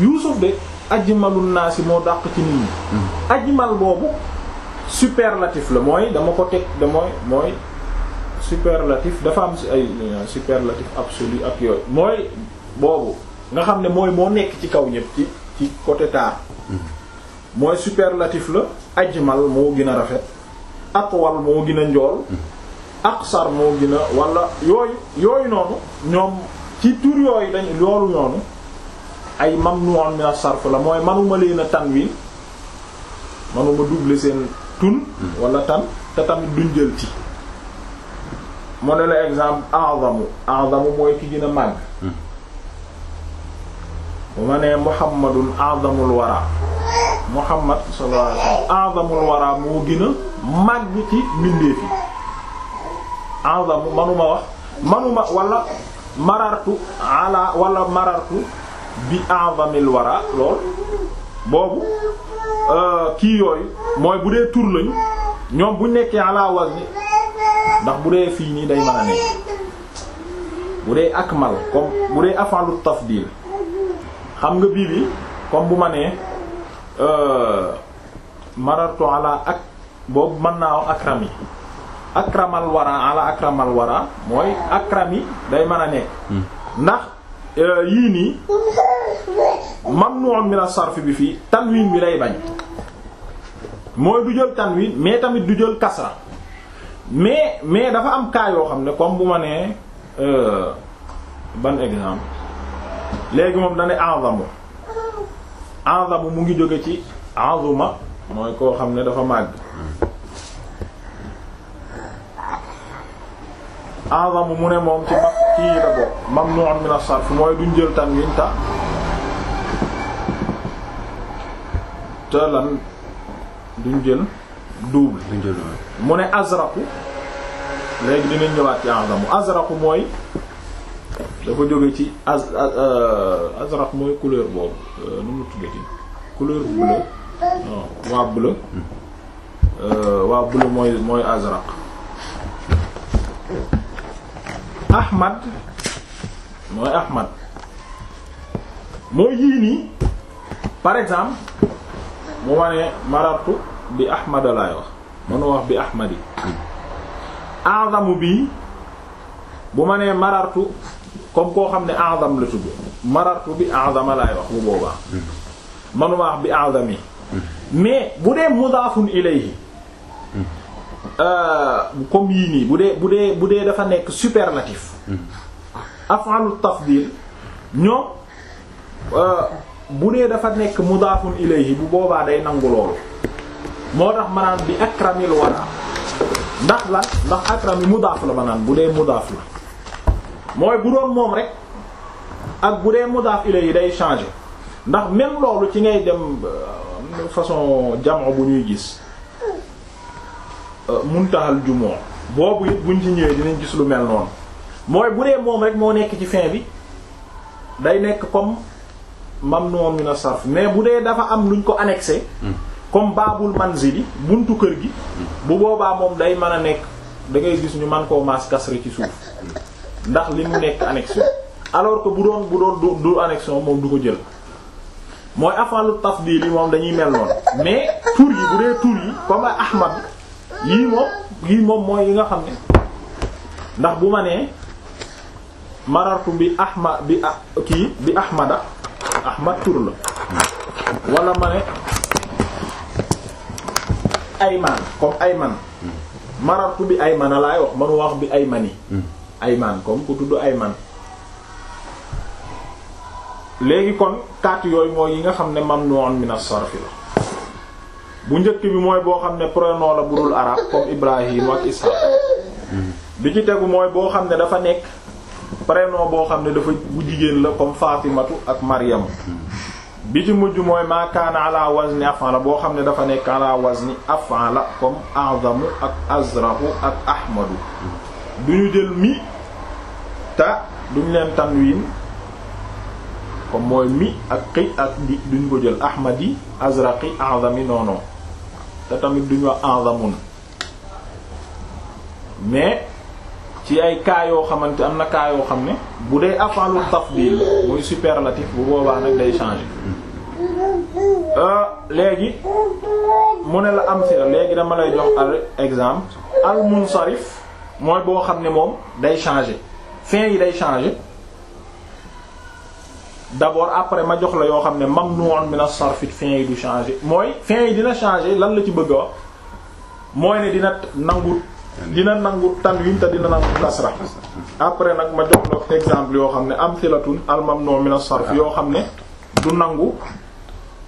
yuusuf de ajmalun naasi moo dàq ci nit ñi ajmal boobu superlatif la mooy dama ko teg da mooy mooy superlatif dafa am si ay superlatif absolu ak yooyu mooy boobu nga xam ne mooy moo nekk ci kaw ñëpp ci ci côté taar mooy superlatif la ajmal moo gën a rafet atwal moo gën a njool aqsar moo gën a wala yooyu yooyu noonu ñoom ci tur yooyu dañ loolu noonu ay mamnu'un min as-sarf la mooy manuma leen a tanwin manuma doubler seen tun wala tan te tamit duñ ci mu ne la exemple a'zamu a'zamu mooy ki gën a màgg bu ma nee muhammadun a'zamul wara muhammad sallallahu alayhi wa moo gën a màgg ci mbindeef yi manuma wax manuma wala marartu ala wala marartu bi a'zamil wara lool boobu euh, kii yooyu mooy bu dee tur lañu ñoom bu nekkee ala wazni ndax bu dee fii nii day mën a nekk bu dee akmal comme bu dee afalu tafdil xam nga bii bi comme bu ma nee euh, marartu ala ak boobu mën naa wax akram yi akramal wara ala akramal wara mooy akram yi day mën a nekk hmm. ndax Euh, yii nii mamnu'un min as-sarf bi fii tanwin bi lay bañ mooy du jël tanwin mais tamit du jël kasra mais mais dafa am cas yoo xam ne comme bu ma nee euh, ban exemple léegi moom dane a'zamu a'zamu mu ngi jóge ci azuma mooy koo xam ne dafa màgg a'zamu mu ne moom ci mag kii la min as-sarf mooy duñ jël tanwin ta te lan duñ jël double duñ mu ne azraqu léegi dinañ ñëwaat ci a'zamu azraqu mooy dafa jóge ci az euh, mooy couleur boobu euh, nu mu tuddati couleur bleu non waa bleu hmm. euh, mooy mooy Ahmad mooy Ahmad mooy yii nii par exemple mu ma ne maratu bi Ahmad laay wax mënu wax bi Ahmad yi a'zamu bii bu ma nee marartu comme koo xam ne a'zam la tudd marartu bi a'zama laay wax bu boobaa mënuma wax bi a'zami mm-hmm. mais bu dee mudaafun ilayhi mm-hmm. Euh, comme yii nii bu dee bu dee bu dee dafa nekk superlatif af'alu tafdil ñoom euh, bu dee dafa nekk mudaafun ilayhi bu boobaa day nangu loolu moo tax manaan bi akramil wara ndax la ndax akrami mudaaf la manaan bu dee mudaaf la mooy bu moom rek ak bu dee mudaaf ilayhi day changer ndax même loolu ci ngay dem euh, façon jamono bu ñuy gis Euh, muntahal jumoo boobu it buñ ci ñëwee dinañ gis lu mel noonu mooy bu dee moom rek moo nekk ci fin bi day nekk comme mam min as-sarf mais bu dee dafa am luñ ko annexé hmm. comme baabul manzili buntu kër gi hmm. bu boobaa moom day mën a nekk da ngay gis ñu man koo maas kasre ci suuf ndax li mu nekk annexion alors que bu doon bu doon du annexion moom du ko jël mooy afalu tafdil yi moom dañuy mel noonu mais tur yi bu dee tur yi comme Ahmad yii moom yii moom mooy yi nga xam ne ndax bu ma nee marartu bi ahma bi kii bi ahmada ahmad tur la wala ma ne ayman comme man marartu bi aymana laay wax manu wax bi ay ayman comme ku tudd ay man léegi kon kaat yooyu mooy yi nga xam ne mam min as la bu njëkk bi mooy boo xam ne pronom la burul dul arab comme Ibrahim ak Ishaq bi ci tegu mooy boo xam ne dafa nekk prénom boo xam ne dafa bu jigéen la comme Fatimatu ak Maryam bi ci mujj mooy ma kaana ala wazni af'ala boo xam ne dafa nekk ala wazni af'ala comme a'zamu ak azrahu ak ahmadu duñu jël mi ta duñ leen tanwin comme mooy mi ak qi ak duñ ko jël ahmadi azraqi a'zami noonu te tamit duñu wax anzamun mais ci ay cas yoo xamante am na cas yoo xam ne bu dee afalu tafdil muy superlatif bu boobaa nag day changer euh, léegi mu ne la am si léegi dama lay jox al exemple al munsarif mooy boo xam ne moom day changer fin yi day changer d'abord après ma jox la yoo xam ne mamnu'un min as-sarf fin yi du changer mooy fin yi dina changer lan la ci bëgg a wax mooy ne dina nangu dina nangu te dina nangu kasra après nag ma exemple yoo xam ne amthilatun al-mamnu' min as yoo xam ne du nangu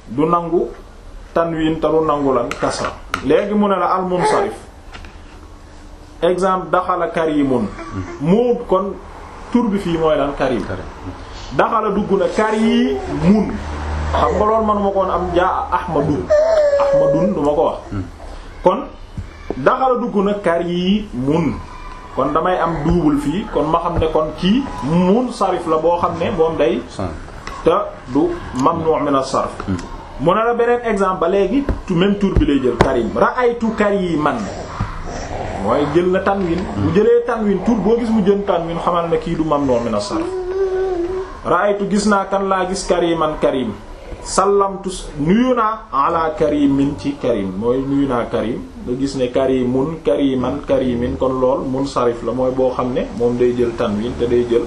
du nangu tanwin te du nangu lan kasra léegi mu ne la al-munsarif exemple daxala karimun moo kon tur bi fii mooy lan karim daxala dugg na kar yi mun xam ma loolu manuma koon am jaa ahmadun ahmadun du ma ko wax hmm. kon daxala dugg na kar yi mun kon damay am double fii kon ma xam ne kon kii mun sarif la boo xam ne moom day te du mamnu' min as-sarf hmm. mu ne la beneen exemple ba léegi tu même tour bi lay jël karim ra'aytu kariman mooy jël na tanwin bu jëlee tanwin tour boo gis mu jël tanwin xamal ne kii du mamnu' min as-sarf raaytu gis naa kan laa gis kariman karim sallamtu nuyu naa ala karimin ci karim mooy nuyu naa karim nga gis ne karimun kariman karimin kon lool mun sarif la mooy boo xam ne moom day jël tanwin te day jël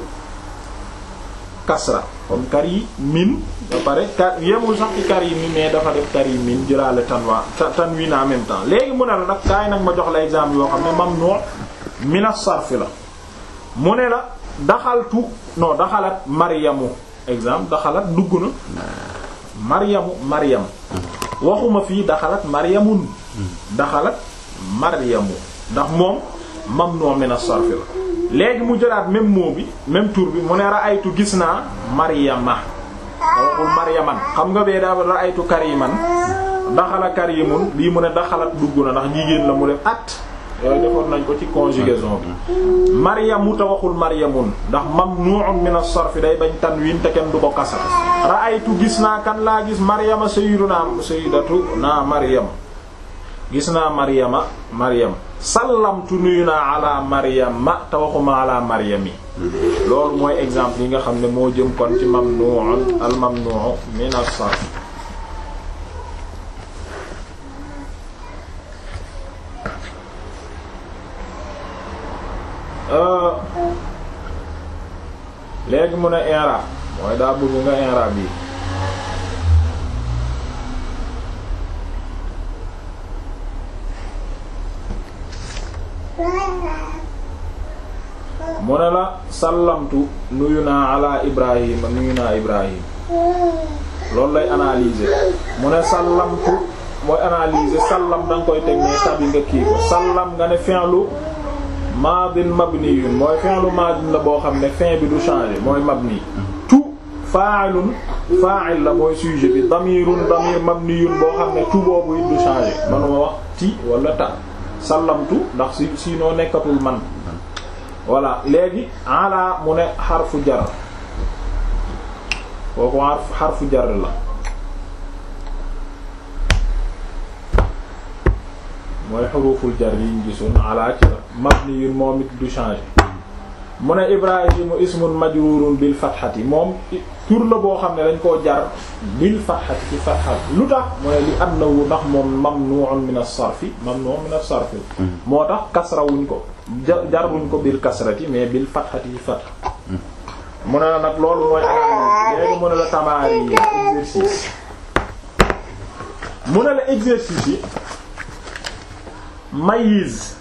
kasra kon karimin ba pare kar yemul sax ci karimin mais dafa def karimin jëlaale tanwa tanwin en même temps léegi mu ne la nag kaay nag ma jox lay exemple yoo xam ne mamnu min as-sarf la mu ne la daxaltu no daxalaat maryamu exemple daxalat dugg na maryamu maryam waxuma fii daxalat maryamun daxalat maryamu ndax moom mamnu min as-sarf la léegi mu jëlaat même mot bi même tour bi mu ne aytu gis naa maryama waxul maryaman xam nga bee daa ra'aytu kariman daxala karimun bii mu ne daxalat dugg na ndax jigéen la mu def at loolu euh, nañ ko ci conjugaison bi maryamu te waxul maryamun ndax mamnu'un min as-sarf day bañ tanwin te kenn du ko kasar ra'aytu gis naa kan laa gis maryama sayyiduna sayyidatu naa maryam gis naa maryama maryam sallamtu nuyu naa ala maryama te waxuma ala maryami loolu mooy exemple yi nga xam ne moo jëm kon ci mamnu'un al mamnu'u min as-sarf léegi mu ne i'rab mooy daa bëgg nga i'rab yi mu ne la sallamtu nuyu naa ala ibrahima nuyu naa ibrahim loolu lay analyser mu ne sallamtu mooy analyser sallam da koy teg ne nga kii ko sallam nga ne fi'lu maadin mabniyun mooy fi'lu maadin la boo xam ne fin bi du changer mooy mabni tu fa'ilun fa'il la mooy sujet bi damirun damir mabniyun boo xam ne tu boobu du changer manuma wax ti wala ta sallamtu ndax si sinon nekkatul man voilà léegi ala mu ne xarfu jar kooku xarfu jar la mooy xuruful jar yi ñu gisoon ala ci mabni moom it du changé mu ne ibrahimu ismun majrurun bil fatxati moom tur la boo xam ne dañ koo jar bil fatxati ci lu tax mu ne li annahu ndax moom mamnu'un min mm-hmm. moo tax kasrawuñ ko jarruñ ko bil kasrati mais bil fatxati mm-hmm. la nag loolu mooy anam léegi la tamaari yi exercice mu ne la exercice mayiz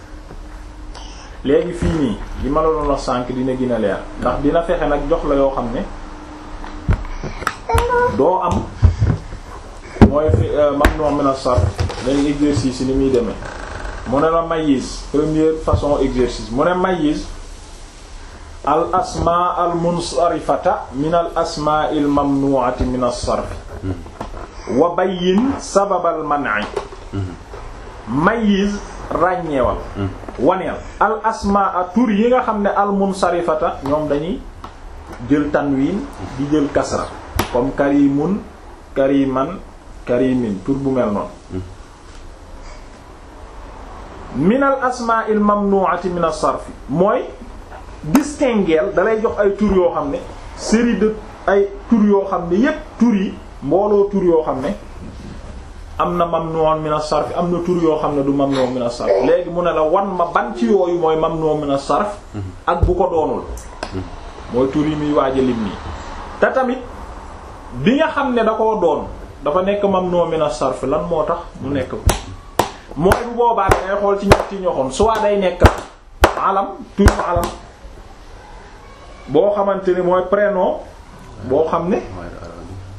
léegi fii nii li ma la doon wax dina gën leer ndax dina fexe nag jox la yoo xam ne doo am mooy fi mamnu min as exercice yi ni muy demee mu ne la mayiz première façon exercice mu ne mayiz al asma al munsarifata min al asma al mamnu'ati hmm. wa bayyin sabab al man'i hmm. mayiz ràññeewal waneel al asmaa a tur yi nga xam ne al munsarifata ñoom dañuy jël tanwin di jël kasra comme karimun kariman karimin tur bu mel noonu min asmaa il mamnu'ati min as-sarfi mooy distingueel dalay jox ay tur yoo xam ne série de ay tur yoo xam ne yépp tur yi mbooloo tur yoo xam ne am na mamnuun min as-sarf am na tur yoo xam ne du mamnuun mën a sarf léegi mu ne la wan ma ban ci yooyu mooy mamnuun mën a sarf ak bu ko doonul mooy tur yi muy waaj a nii te tamit bi nga xam ne da koo doon dafa nekk mamnuun min as-sarf lan moo tax mu nekk mooy bu boobaa day xool ci ñett yi ñoxoon soit day nekk alam tur alam boo xamante ne mooy prénom boo xam ne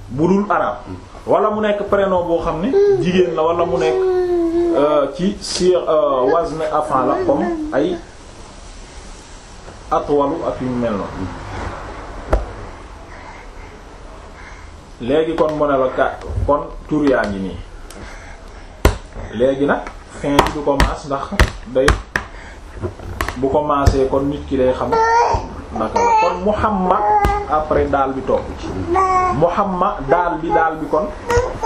bu dul arabe wala mu nekk prénom boo xam ne jigéen la wala mu nekk euh, ci si euh, wazn afan la comme ay atwalu ak yu mel noonu léegi kon mu ne la ka kon tur yaa ngi nii léegi nag fin du ko maas ndax day bu commencé kon nit ki day xam naka la kon muhammad après daal bi topp ci ma daal bi daal bi kon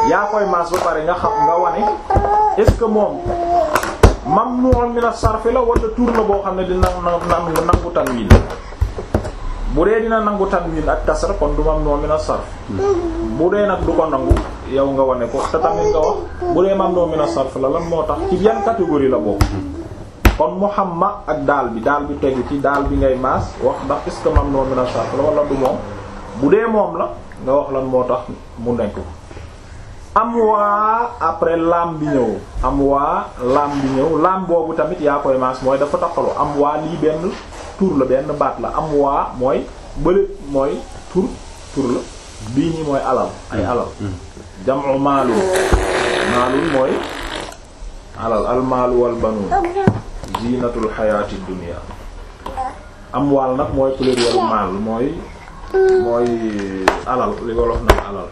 yaa koy maas ba pare nga xam nga wane est-ce que moom mamnu'un min as-sarf la wala tuur la boo xam ne dina nangu nangu tanwin bu dee dina nangu tanwin ak kasra kon du mamnu'un min as-sarf bu dee nag du ko nangu yow nga wane ko te tamit nga wax bu dee mamnu'un min as-sarf la lan moo tax ci yan catégorie la bokk kon muhammad ak daal bi daal bi tegu ci daal bi ngay maas wax ndax est ce que mam noo mina la wala du moom bu dee moom la nga wax lan moo tax mu nekk am waa après laam bi ñëw am waa laam bi ñëw laam boobu tamit yaa koy maas mooy dafa taqaloo am waa lii benn tur la benn baat la am waa mooy bële mooy tur tur la bii ñi mooy alal ay alal mm. Mm. jam'u maalun maalun mooy alal al maalu wal banuun ziinatul xayaati dunia amwaal nag mooy pluriel maal mooy mooy alal li wolof nag alal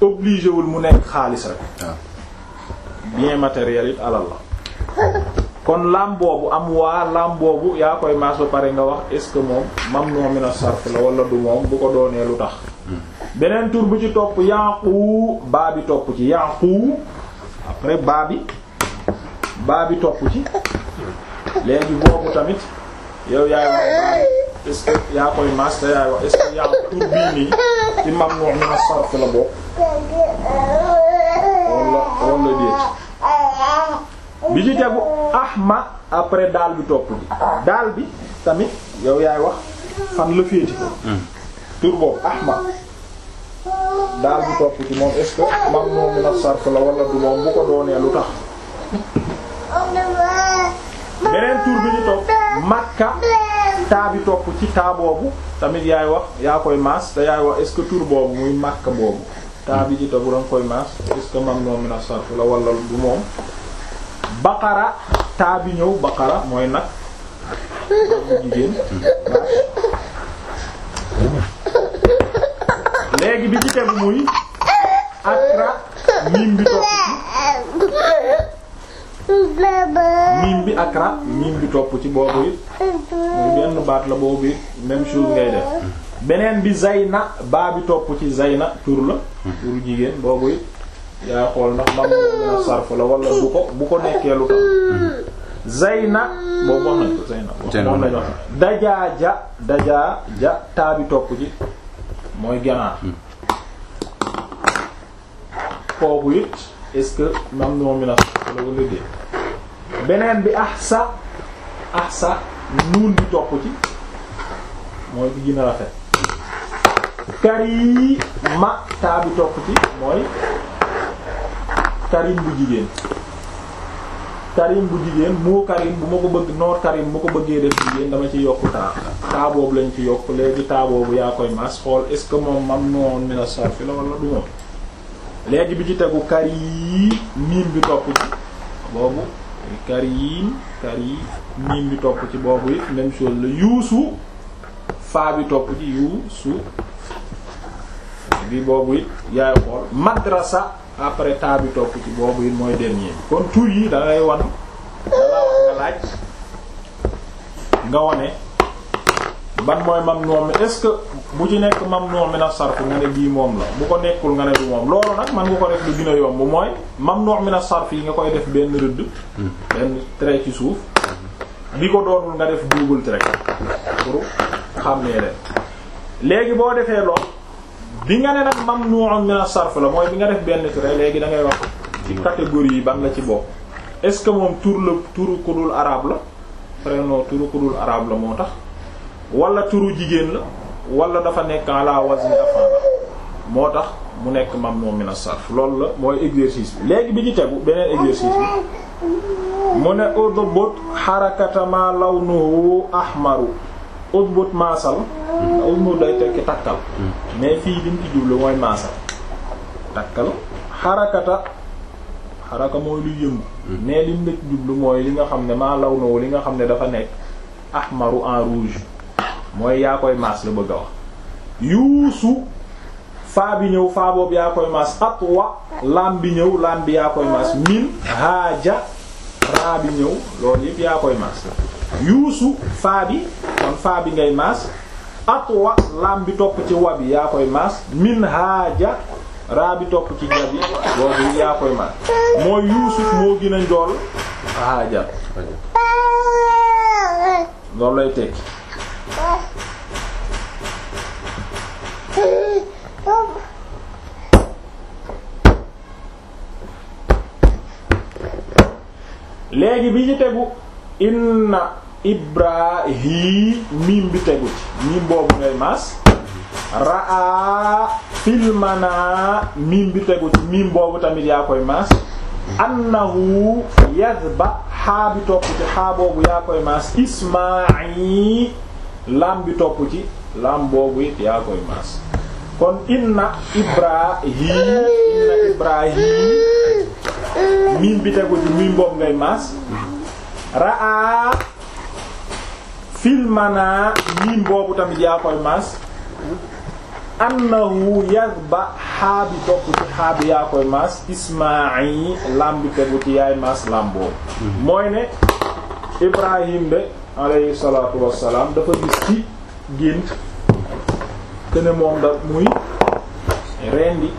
obligé wul mu nekk xaalis rek ah. bien matériel it alal la kon lam boobu am waa lam boobu yaa koy maas ba pare nga wax est ce que moom mam noo mina sarf la wala du moom bu ko doonee lu tax hmm. beneen tur bu ci topp yaqu baa bi topp ci yaqu après baa bi baa bi topp ci léegi boobu tamit yow yaay wax naan yaa koy maas yaay wax est-ce que tur bii nii ci mamnu min as-sarf la bokk walla walla déet bi ci tegu ahma après daal bi topp bi daal bi tamit yow yaay wax fan la féeti hmm. tur boobu ahma daal bi topp ci moom est-ce que mamnu sarf la walla du moom bu ko doonee lu tax beneen tur bi ñu topp makka taa bi topp ci taa boobu tamit yaay wax yaa koy maas te yaay wax est-ce boobu muy makka boobu taa bi ci topp danga koy maas est-ce que mam noonu na sarf la wala du moom baqara taa bi ñëw baqara mooy nag léegi bi ci tegu muy akra mim bi topp miim bi ak ra miim bi topp ci boobu it muy benn baat la boobu it même chose ngay def beneen bi zayna baa bi topp ci zayna tur la turu jigéen boobu it yaa xool ndax man moom sarf la wala bu ko bu ko nekkee lu tax zayna boobu nañ ko zayna dajaa ja dajaa ja taa topp ci mooy ganaar kooku hmm. it est-ce que mam noo la wala dée beneen bi ahsa ahsa nuun bi topp ci mooy bi gën a rafet kari ma taa bi topp ci mooy karim bu jigéen karim bu jigéen moo karim bu ma ko bëgg noor karim ma ko bëggee def jigéen dama ci yokk taa taa boobu lañ ci yokk léegi taa bu yaa koy mas xool est moom mam noon mi sarfi la wala du moom léegi bi ci tegu kar yi miim bi topp ci boobu kar yi kar yi miim bi topp ci boobu it même chose la yuusu faa bi topp ci yuusu bi boobu it yaay xool madrasa après taa bi topp ci boobu it mooy dernier bi kon tur yi da ngay wan laaj nga wane ban mooy mam moom est bu ci nekk mamnu min as-sarf nga ne bii moom la bu ko nekkul nga ne bu moom loolu nag man nga ko def lu gën a yomb mooy mamnu min as-sarf yi nga koy def benn rëdd benn trait ci suuf bi ko doonul nga def double trait pour xàmmee leen léegi boo defee lool bi nga ne nag mamnu min as-sarf la mooy bi nga def benn trait léegi da ngay wax ci catégorie yi ban la ci boob est-ce que moom tur la turu ku dul arabe la prénom turu ku dul la moo tax wala turu jigéen la wala dafa nekk ala wazni afala moo tax mu nekk mamnu moo as-sarf loolu la mooy exercice bi léegi bi ñu tegu beneen exercice bi mu ne udbut xarakata ma lawnuhu ahmaru udbut maasal udbut day tekki takkal mais fii li mu ci jublu mooy maasal takkal xarakata xaraka mooy luy yëngu mais li mu jublu mooy li nga xam ne maa lawnuhu li nga xam ne dafa nekk ahmaru en rouge mooy yaa koy maas la bëgg wax yuusu faa bi ñëw faa boobu yaa koy maas atwa lam bi ñëw lam bi yaa koy maas min haaja raa bi ñëw loolu yëpp yaa koy maas yuusu faa bi kon faa bi ngay maas atwa lam bi topp ci wa bi yaa koy maas min haaja raa bi topp ci ja bi loolu yaa koy maas mooy yuusuf moo gën a njool haaja loolu lay tekki léegi bi ci tegu inna ibrahim miim bi tegu ci miim boobu ngay maas raa filmana miim bi tegu ci miim boobu tamit yaa koy maas annahu yazba xaa bi topp yaa koy maas ismail laam bi topp ci laam boobu it yaa koy maas kon na ibrahim inna ibrahim miim bi tegu ci miim boobu ngay maas raa filmanaa miim boobu tamit yaa koy maas annahu yazba xaa bi topp ci xaa yaa koy maas ismail laam bi tegu ci yaay maas laam boobu mooy ne Ibrahim de alayhi salaatu wassalaam dafa gis ci gént te ne moom da muy rendi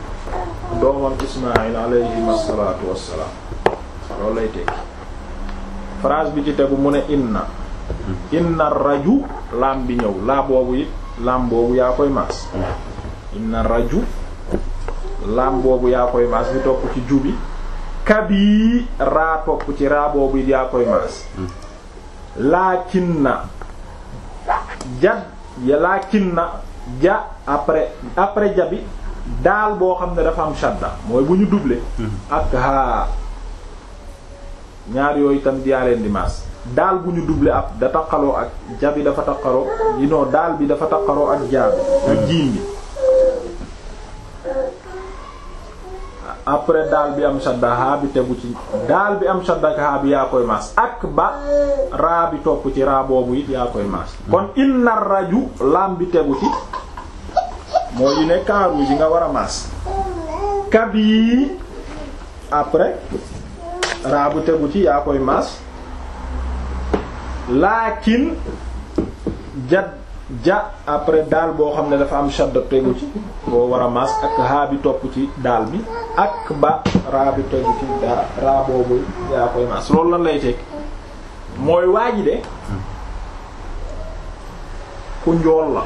doomam Ismaïl alayhim assalaatu wassalaam loolu lay tekki phrase bi ci tegu mu ne inna inna raju laam bi ñëw laa boobu it laam boobu yaa koy maas inna raju laam boobu yaa koy maas bi topp ci jubi kabi raa topp ci raa boobu it yaa koy maas laakinna jad ya laakinna ja après après ja bi daal boo xam ne dafa am shadda mooy bu ñu doublé mhm. ak haa ñaar yooyu itam yaa leen di daal bu ñu doublé ab da taqaloo ak ja bi dafa taqaroo yi non daal bi dafa taqaroo ak ja bi ak jiin après daal bi am shadda haa bi yaa koy maas ak ba raa bi topp ci raa boobu it yaa koy maas hmm. kon inna raju laam bi tegu ci moo yu ne kaaru yi nga war a maas kab après raa bu tegu ci yaa koy maas laakin jad ja après daal boo xam ne dafa am shadda tegu ci boo war a maas ak haa bi topp ci daal bi ak ba raa bi tegu ci daa raa boobu yaa koy maas loolu lan lay teg mooy waa de ku njool la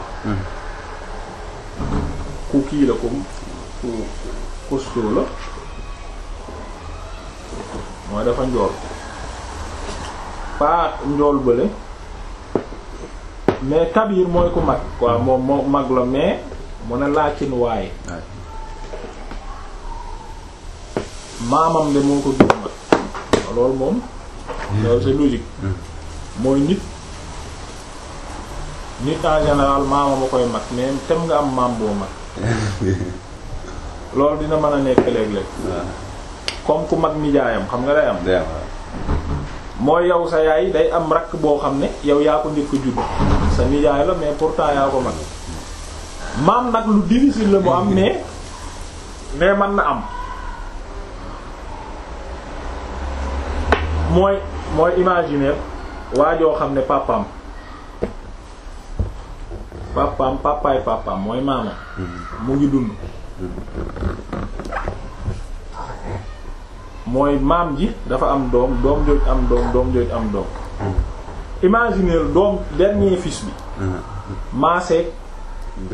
ku kii la ku ku costaud la mooy dafa njool pas njool bële mais kabir mooy ku mag quoi moom moo mag la mais mu ne laakin waaye maamam de moo ko gën mag loolu moom loolu c'est logique mooy nit nit en général maamam a koy mag mais tem nga am maam boo mag loolu dina mën a nekk léeg-léeg comme ku mag nijaayam xam nga day am mooy yow sa yaay day am rakk boo xam ne yow yaa ko njëkk a sa nijaay la mais pourtant yaa ko mag maam nag lu difficile la mu am mais mais man na am mooy mooy imaginaire waa joo xam ne papaam papaam papaay papaam mooy maama mu ngi dund mooy maam ji dafa am doom doom jooj am doom doom jooj am doom imaginer doom dernier fils bi. maaseeg.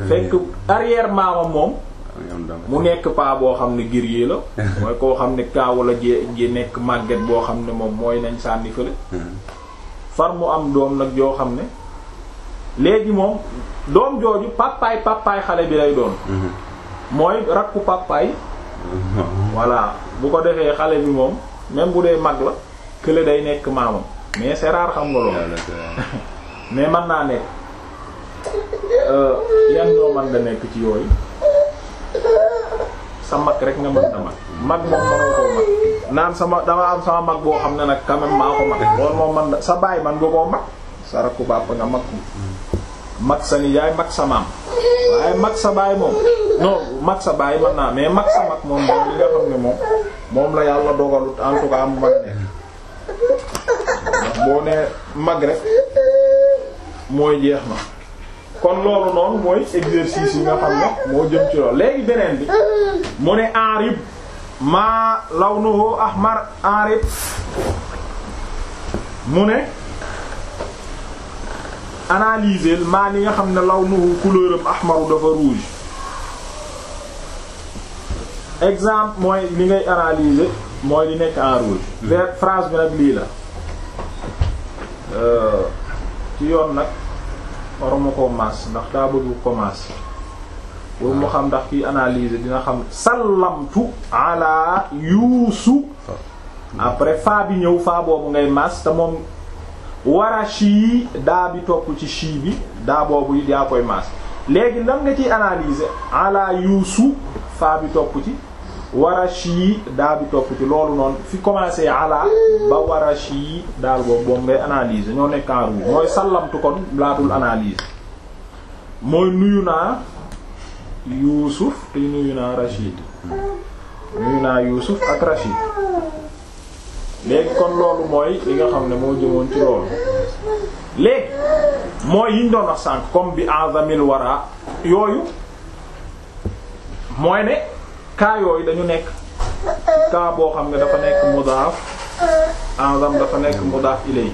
fekk arrière maamam moom. mu nekk paa boo xam ne guerrier la. mooy koo xam ne kaa wala jé ji nekk màgget boo xam ne moom mooy nañ sànni fële. far mu am doom nag yoo xam ne léegi moom doom jooju pàppaay papaay xale bi lay doon. mooy rakku papaay. voilà bu ko defee xale bi moom même bu dee mag la kële day nekk maamam. mais c'est xam nga loolu mais man naa nekk euh, yan ñoo nekk ci yooyu sa mag rek nga mën na mag mag moom naan sama dama am sama mag boo xam ne nag quand même maa moom man sa baay man nga koo mag sa rakku bàpp nga mag mag sa nijaay mag sa maam waaye mag sa baay moom non mag sa baay mën naa mais mag moom la yàlla dogalut en tout mag nekk boo ne Maghreb mooy jeex na kon loolu noonu mooy exercice yi nga xam ne moo jëm ci loolu léegi beneen bi mu ne enrib maa lawnuhu ahmar enrib mu ne analyser maa li nga xam ne law couleur am ahmaru dafa rouge exemple mooy li ngay analyser mooy li nekk en rouge vers phrase bi nag lii la Euh, ci yoon nag waruma koo maas ndax daa bëgg ko maas boobu mu xam ndax kiy analyser dina xam sallamtu ala yuusu après faa bi ñëw faa boobu ngay maas te moom wara chi daa bi topp ci chi bi daa boobu yi yaa koy maas léegi lan nga ciy analyser ala yuusu faa bi topp ci warash yi daal bi topp ci loolu noonu fi commencé ala ba warash yi daal boobu boobu ngay analyser ñoo nekk en mooy sàllamtu kon laatul analyse mooy nuyu naa Yuusuf te nuyu naa Rachid nuyu naa Yuusuf ak Rachid léegi kon loolu mooy li nga xam ne moo jëmoon ci loolu léegi mooy yiñ doon wax sànq comme bi azamil wara yooyu mooy ne cas yooyu dañu nekk cas boo xam ne dafa nekk mudaaf enzam dafa nekk mudaaf ilay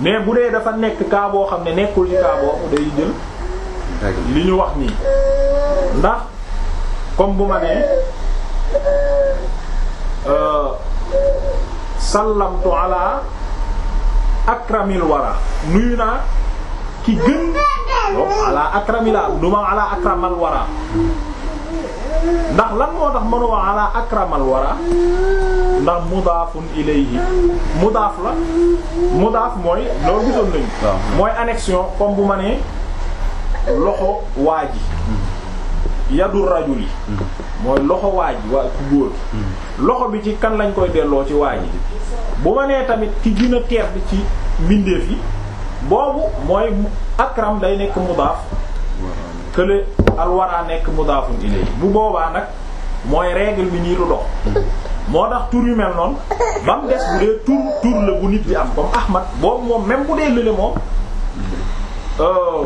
mais bu dee dafa nekk cas boo xam ne nekkul ci cas boobu day jël li ñu wax nii ndax comme bu ma nee euh, sallamtu ala akramil wara nuyu naa ki gën ala akramila du ma ala akramal wara ndax lan moo tax mënoo ala akramal wara ndax mudaafun ilayhi mudaaf la mudaaf mooy loolu gisoon nañu mooy annexion comme bu ma nee loxo waa ji yadu rajuli mooy loxo waa ji waa ku góor loxo bi ci kan lañ koy delloo ci waa ji bu ma nee tamit ki gën a bi ci mbindeef yi boobu mooy akram day nekk mudaaf kële alwaraa nekk mudaafun ilay bu boobaa nag mooy règle bi nii lu dox moo tax tur yu mel noonu ba mu des bu dee tur tur la bu nit bi am comme Ahmad boobu moom même bu dee lële euh,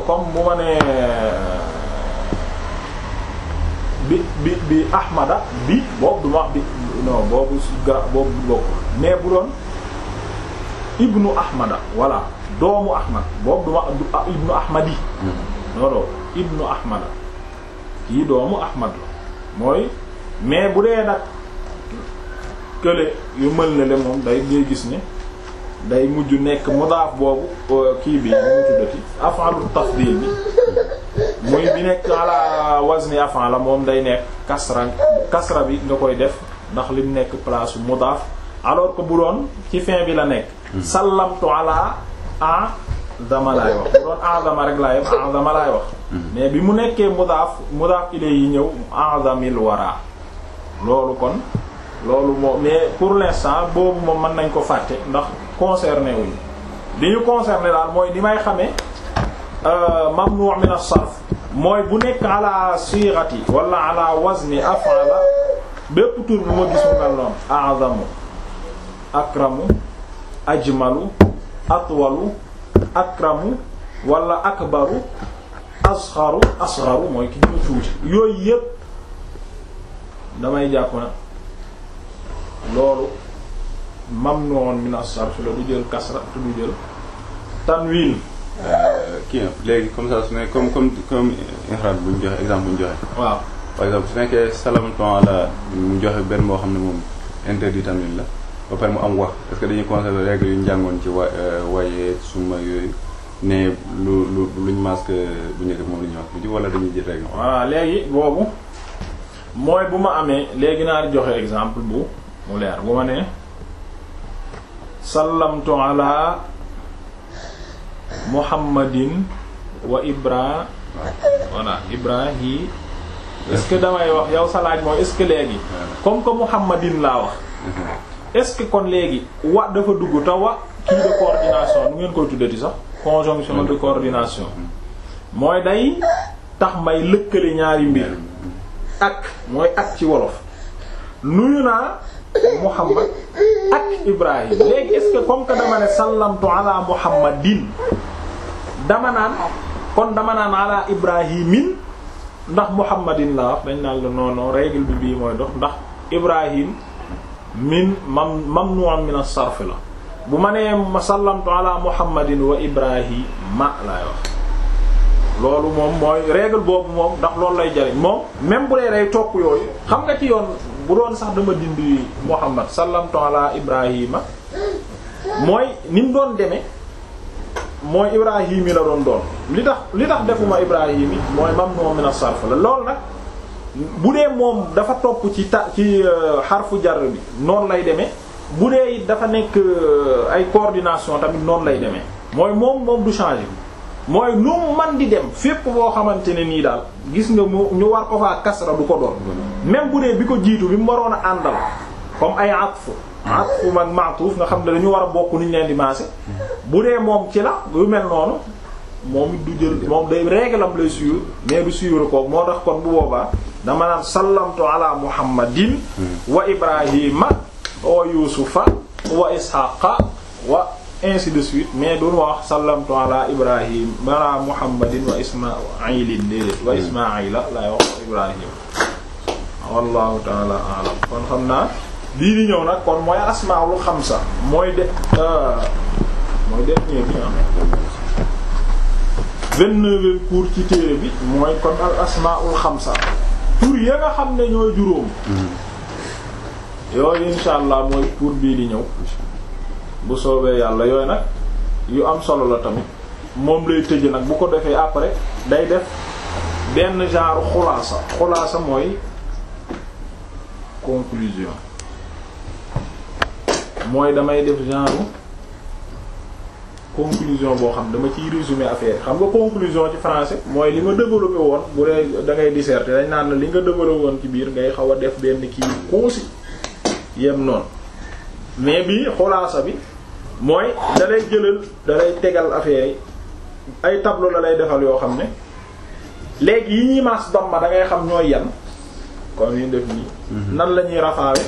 bi bi bi Ahmada bi boobu boobu gra bu doon ibnu Ahmada voilà doomu Ahmad boobu du ah, ibnu Ahmadi mm-hmm. non ibnu Ahmada kii doomu ahmad la mooy mais bu dee nag kële yu mel na le moom day ngay gis ne day mujj nekk mudaaf boobu euh, kii bi mu tuddati af'alu tafdil bi muy bi nekk ala wazni af'ala la moom day nekk kasra kasra bi nga koy def ndax lim nekk place mudaaf alors que bu doon ci fin bi la nekk hmm. sallamtu ala a dama laay wax bu doon rek laay azama laay wax mais bi mu nekkee mudaaf mudaaf ilay yi ñëw azamil wara loolu kon loolu moo mais pour l'instant boobu moom mën nañ ko fàtte ndax concerné wuñu li ñu concerné daal mooy ni may xamee euh, mamnu min as-sarf mooy bu nekk ala sighati wala ala wazni af'ala bépp tur bu ma gis mu mel noonu a'zamu akramu ajmalu atwalu akramu wala akbaru asxaru asxaru mooy ki ñu tuuti yooyu yépp damay jàpp na loolu mamnuun min as-sarf la du jël kasra te du jël tanwin euh, kii léegi comme ça su ne comme comme comme ihram bu ñu exemple bu ñu waaw par exemple su nekkee salaamtu ala mu joxe benn boo xam ne moom interdit tanwin la ba mu am wax est que dañuy conserver règle yu ñu jàngoon ci wa euh, waaye suma yooyu ne lu lu luñ masque bu njëkk moom la ñuy wax bu ji wala dañuy jël règle. voilà léegi boobu bu ma amee léegi naa joxe exemple bu mu leer bu ma nee sallamtu ala muhammadin wa ibra voilà ibrahi est-ce que damay wax yow salaaj laaj mooy est-ce léegi comme que muhammadin laa wax mhm. est-ce que kon léegi wax dafa dugg te wa kii de coordination nu de mm-hmm. coordination mm-hmm. mooy day tax may lëkkale ñaari mbir ak mooy ak ci wolof nuyu naa Muhammad ak Ibrahim léegi est que comme que dama ne sallamtu ala Muhammadin dama naan kon dama naan ala Ibrahimin ndax Muhammadin laa wax dañ naan la non non bi bii mooy dox ndax Ibrahim min mam mamnu'an min as-sarf la bu ma nee ma sallamtu ala muhammadin wa ibrahima laay wax loolu moom mooy règle boobu moom ndax loolu lay jariñ moom même bu dee day topp yooyu xam nga ci yoon bu doon sax dama dindi muhammad sallamtu ala ibrahima mooy ni mu doon demee mooy ibrahim yi la doon doon li tax li tax defuma ibrahim yi mooy mamnu'an min as-sarf la lool nag bu dee moom dafa topp ci ta ci euh, xarfu jar bi noonu lay demee bu dee dafa nekk euh, ay coordination tamit noonu lay demee mooy moom moom du changer mooy nu man di dem fépp boo xamante ne nii daal gis nga mu ñu war ko faa kasra du ko doon même bu dee bi ko jiitu bi mu waroon a àndal comme ay atfu atfu ak ma'tuf nga xam ne dañu war a bokk ni ñu leen di maase bu dee moom ci la lu mel noonu moom it du jël moom day règle am lay suivre mais du suivre ko moo tax bu boobaa dama naan sallamtu ala muhammadin wa ibrahima wa yusufa wa ishaqa wa ainsi de suite mais doon wax sallamtu ala ibrahim ala muhammadin wa ismailin déedéet wa ismaila laay wax ibrahim wallahu taala alam kon xam naa lii di ñëw nag kon mooy asmaul xamsa mooy de euh, mooy dernier bi ah. vingt-neuvième cours ci téere bi mooy kon al asmaul xamsa tur ya nga xam ne ñooy juróom mm-hmm. yooyu insha allah mooy pour bii di ñëw bu soobee yàlla yooyu nag yu am solo la tamit moom lay tëj nag bu ko defee après day def benn genre xulaasa xulaasa mooy conclusion mooy damay def genre conclusion boo xam dama ciy résumé affaire xam nga conclusion ci français mooy li nga développé woon bu dee da ngay disserter dañ naan la li nga développé woon ci biir ngay xaw a def benn kii concis yem noonu mais bii xulaasa bi mooy da jëlal da lay tegal affaire yi ay tablo la lay defal yoo xam ne léegi yi ñuy maas domma da ngay xam ñooy yan comme yi def nii mhm. nan la ñuy rafaawe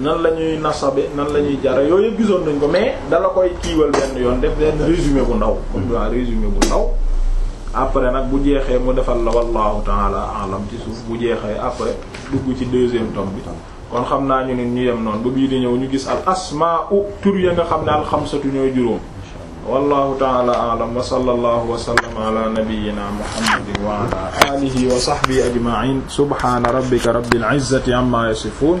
nan la ñuy nasabe nan la ñuy jara yooyu yëpp gisoon nañ ko mais dala koy kiiwal benn yoon def benn résumé bu ndaw comme waaw résumé bu ndaw après nag bu jeexee mu defal la wallahu taala alam ci suuf bu jeexee après dugg ci deuxième tome bi kon xam naa ñu ne ñu yem noonu bu bii di ñëw ñu gis al asmaa'u tur ya nga xam ne al xamsatu ñooy juróom wallahu taala alam wa sallallahu wa sallama ala nabiyyina muhammadin wa ala alihi wa sahbihi ajma'in subhana rabbika rabbil izzati amma yasifun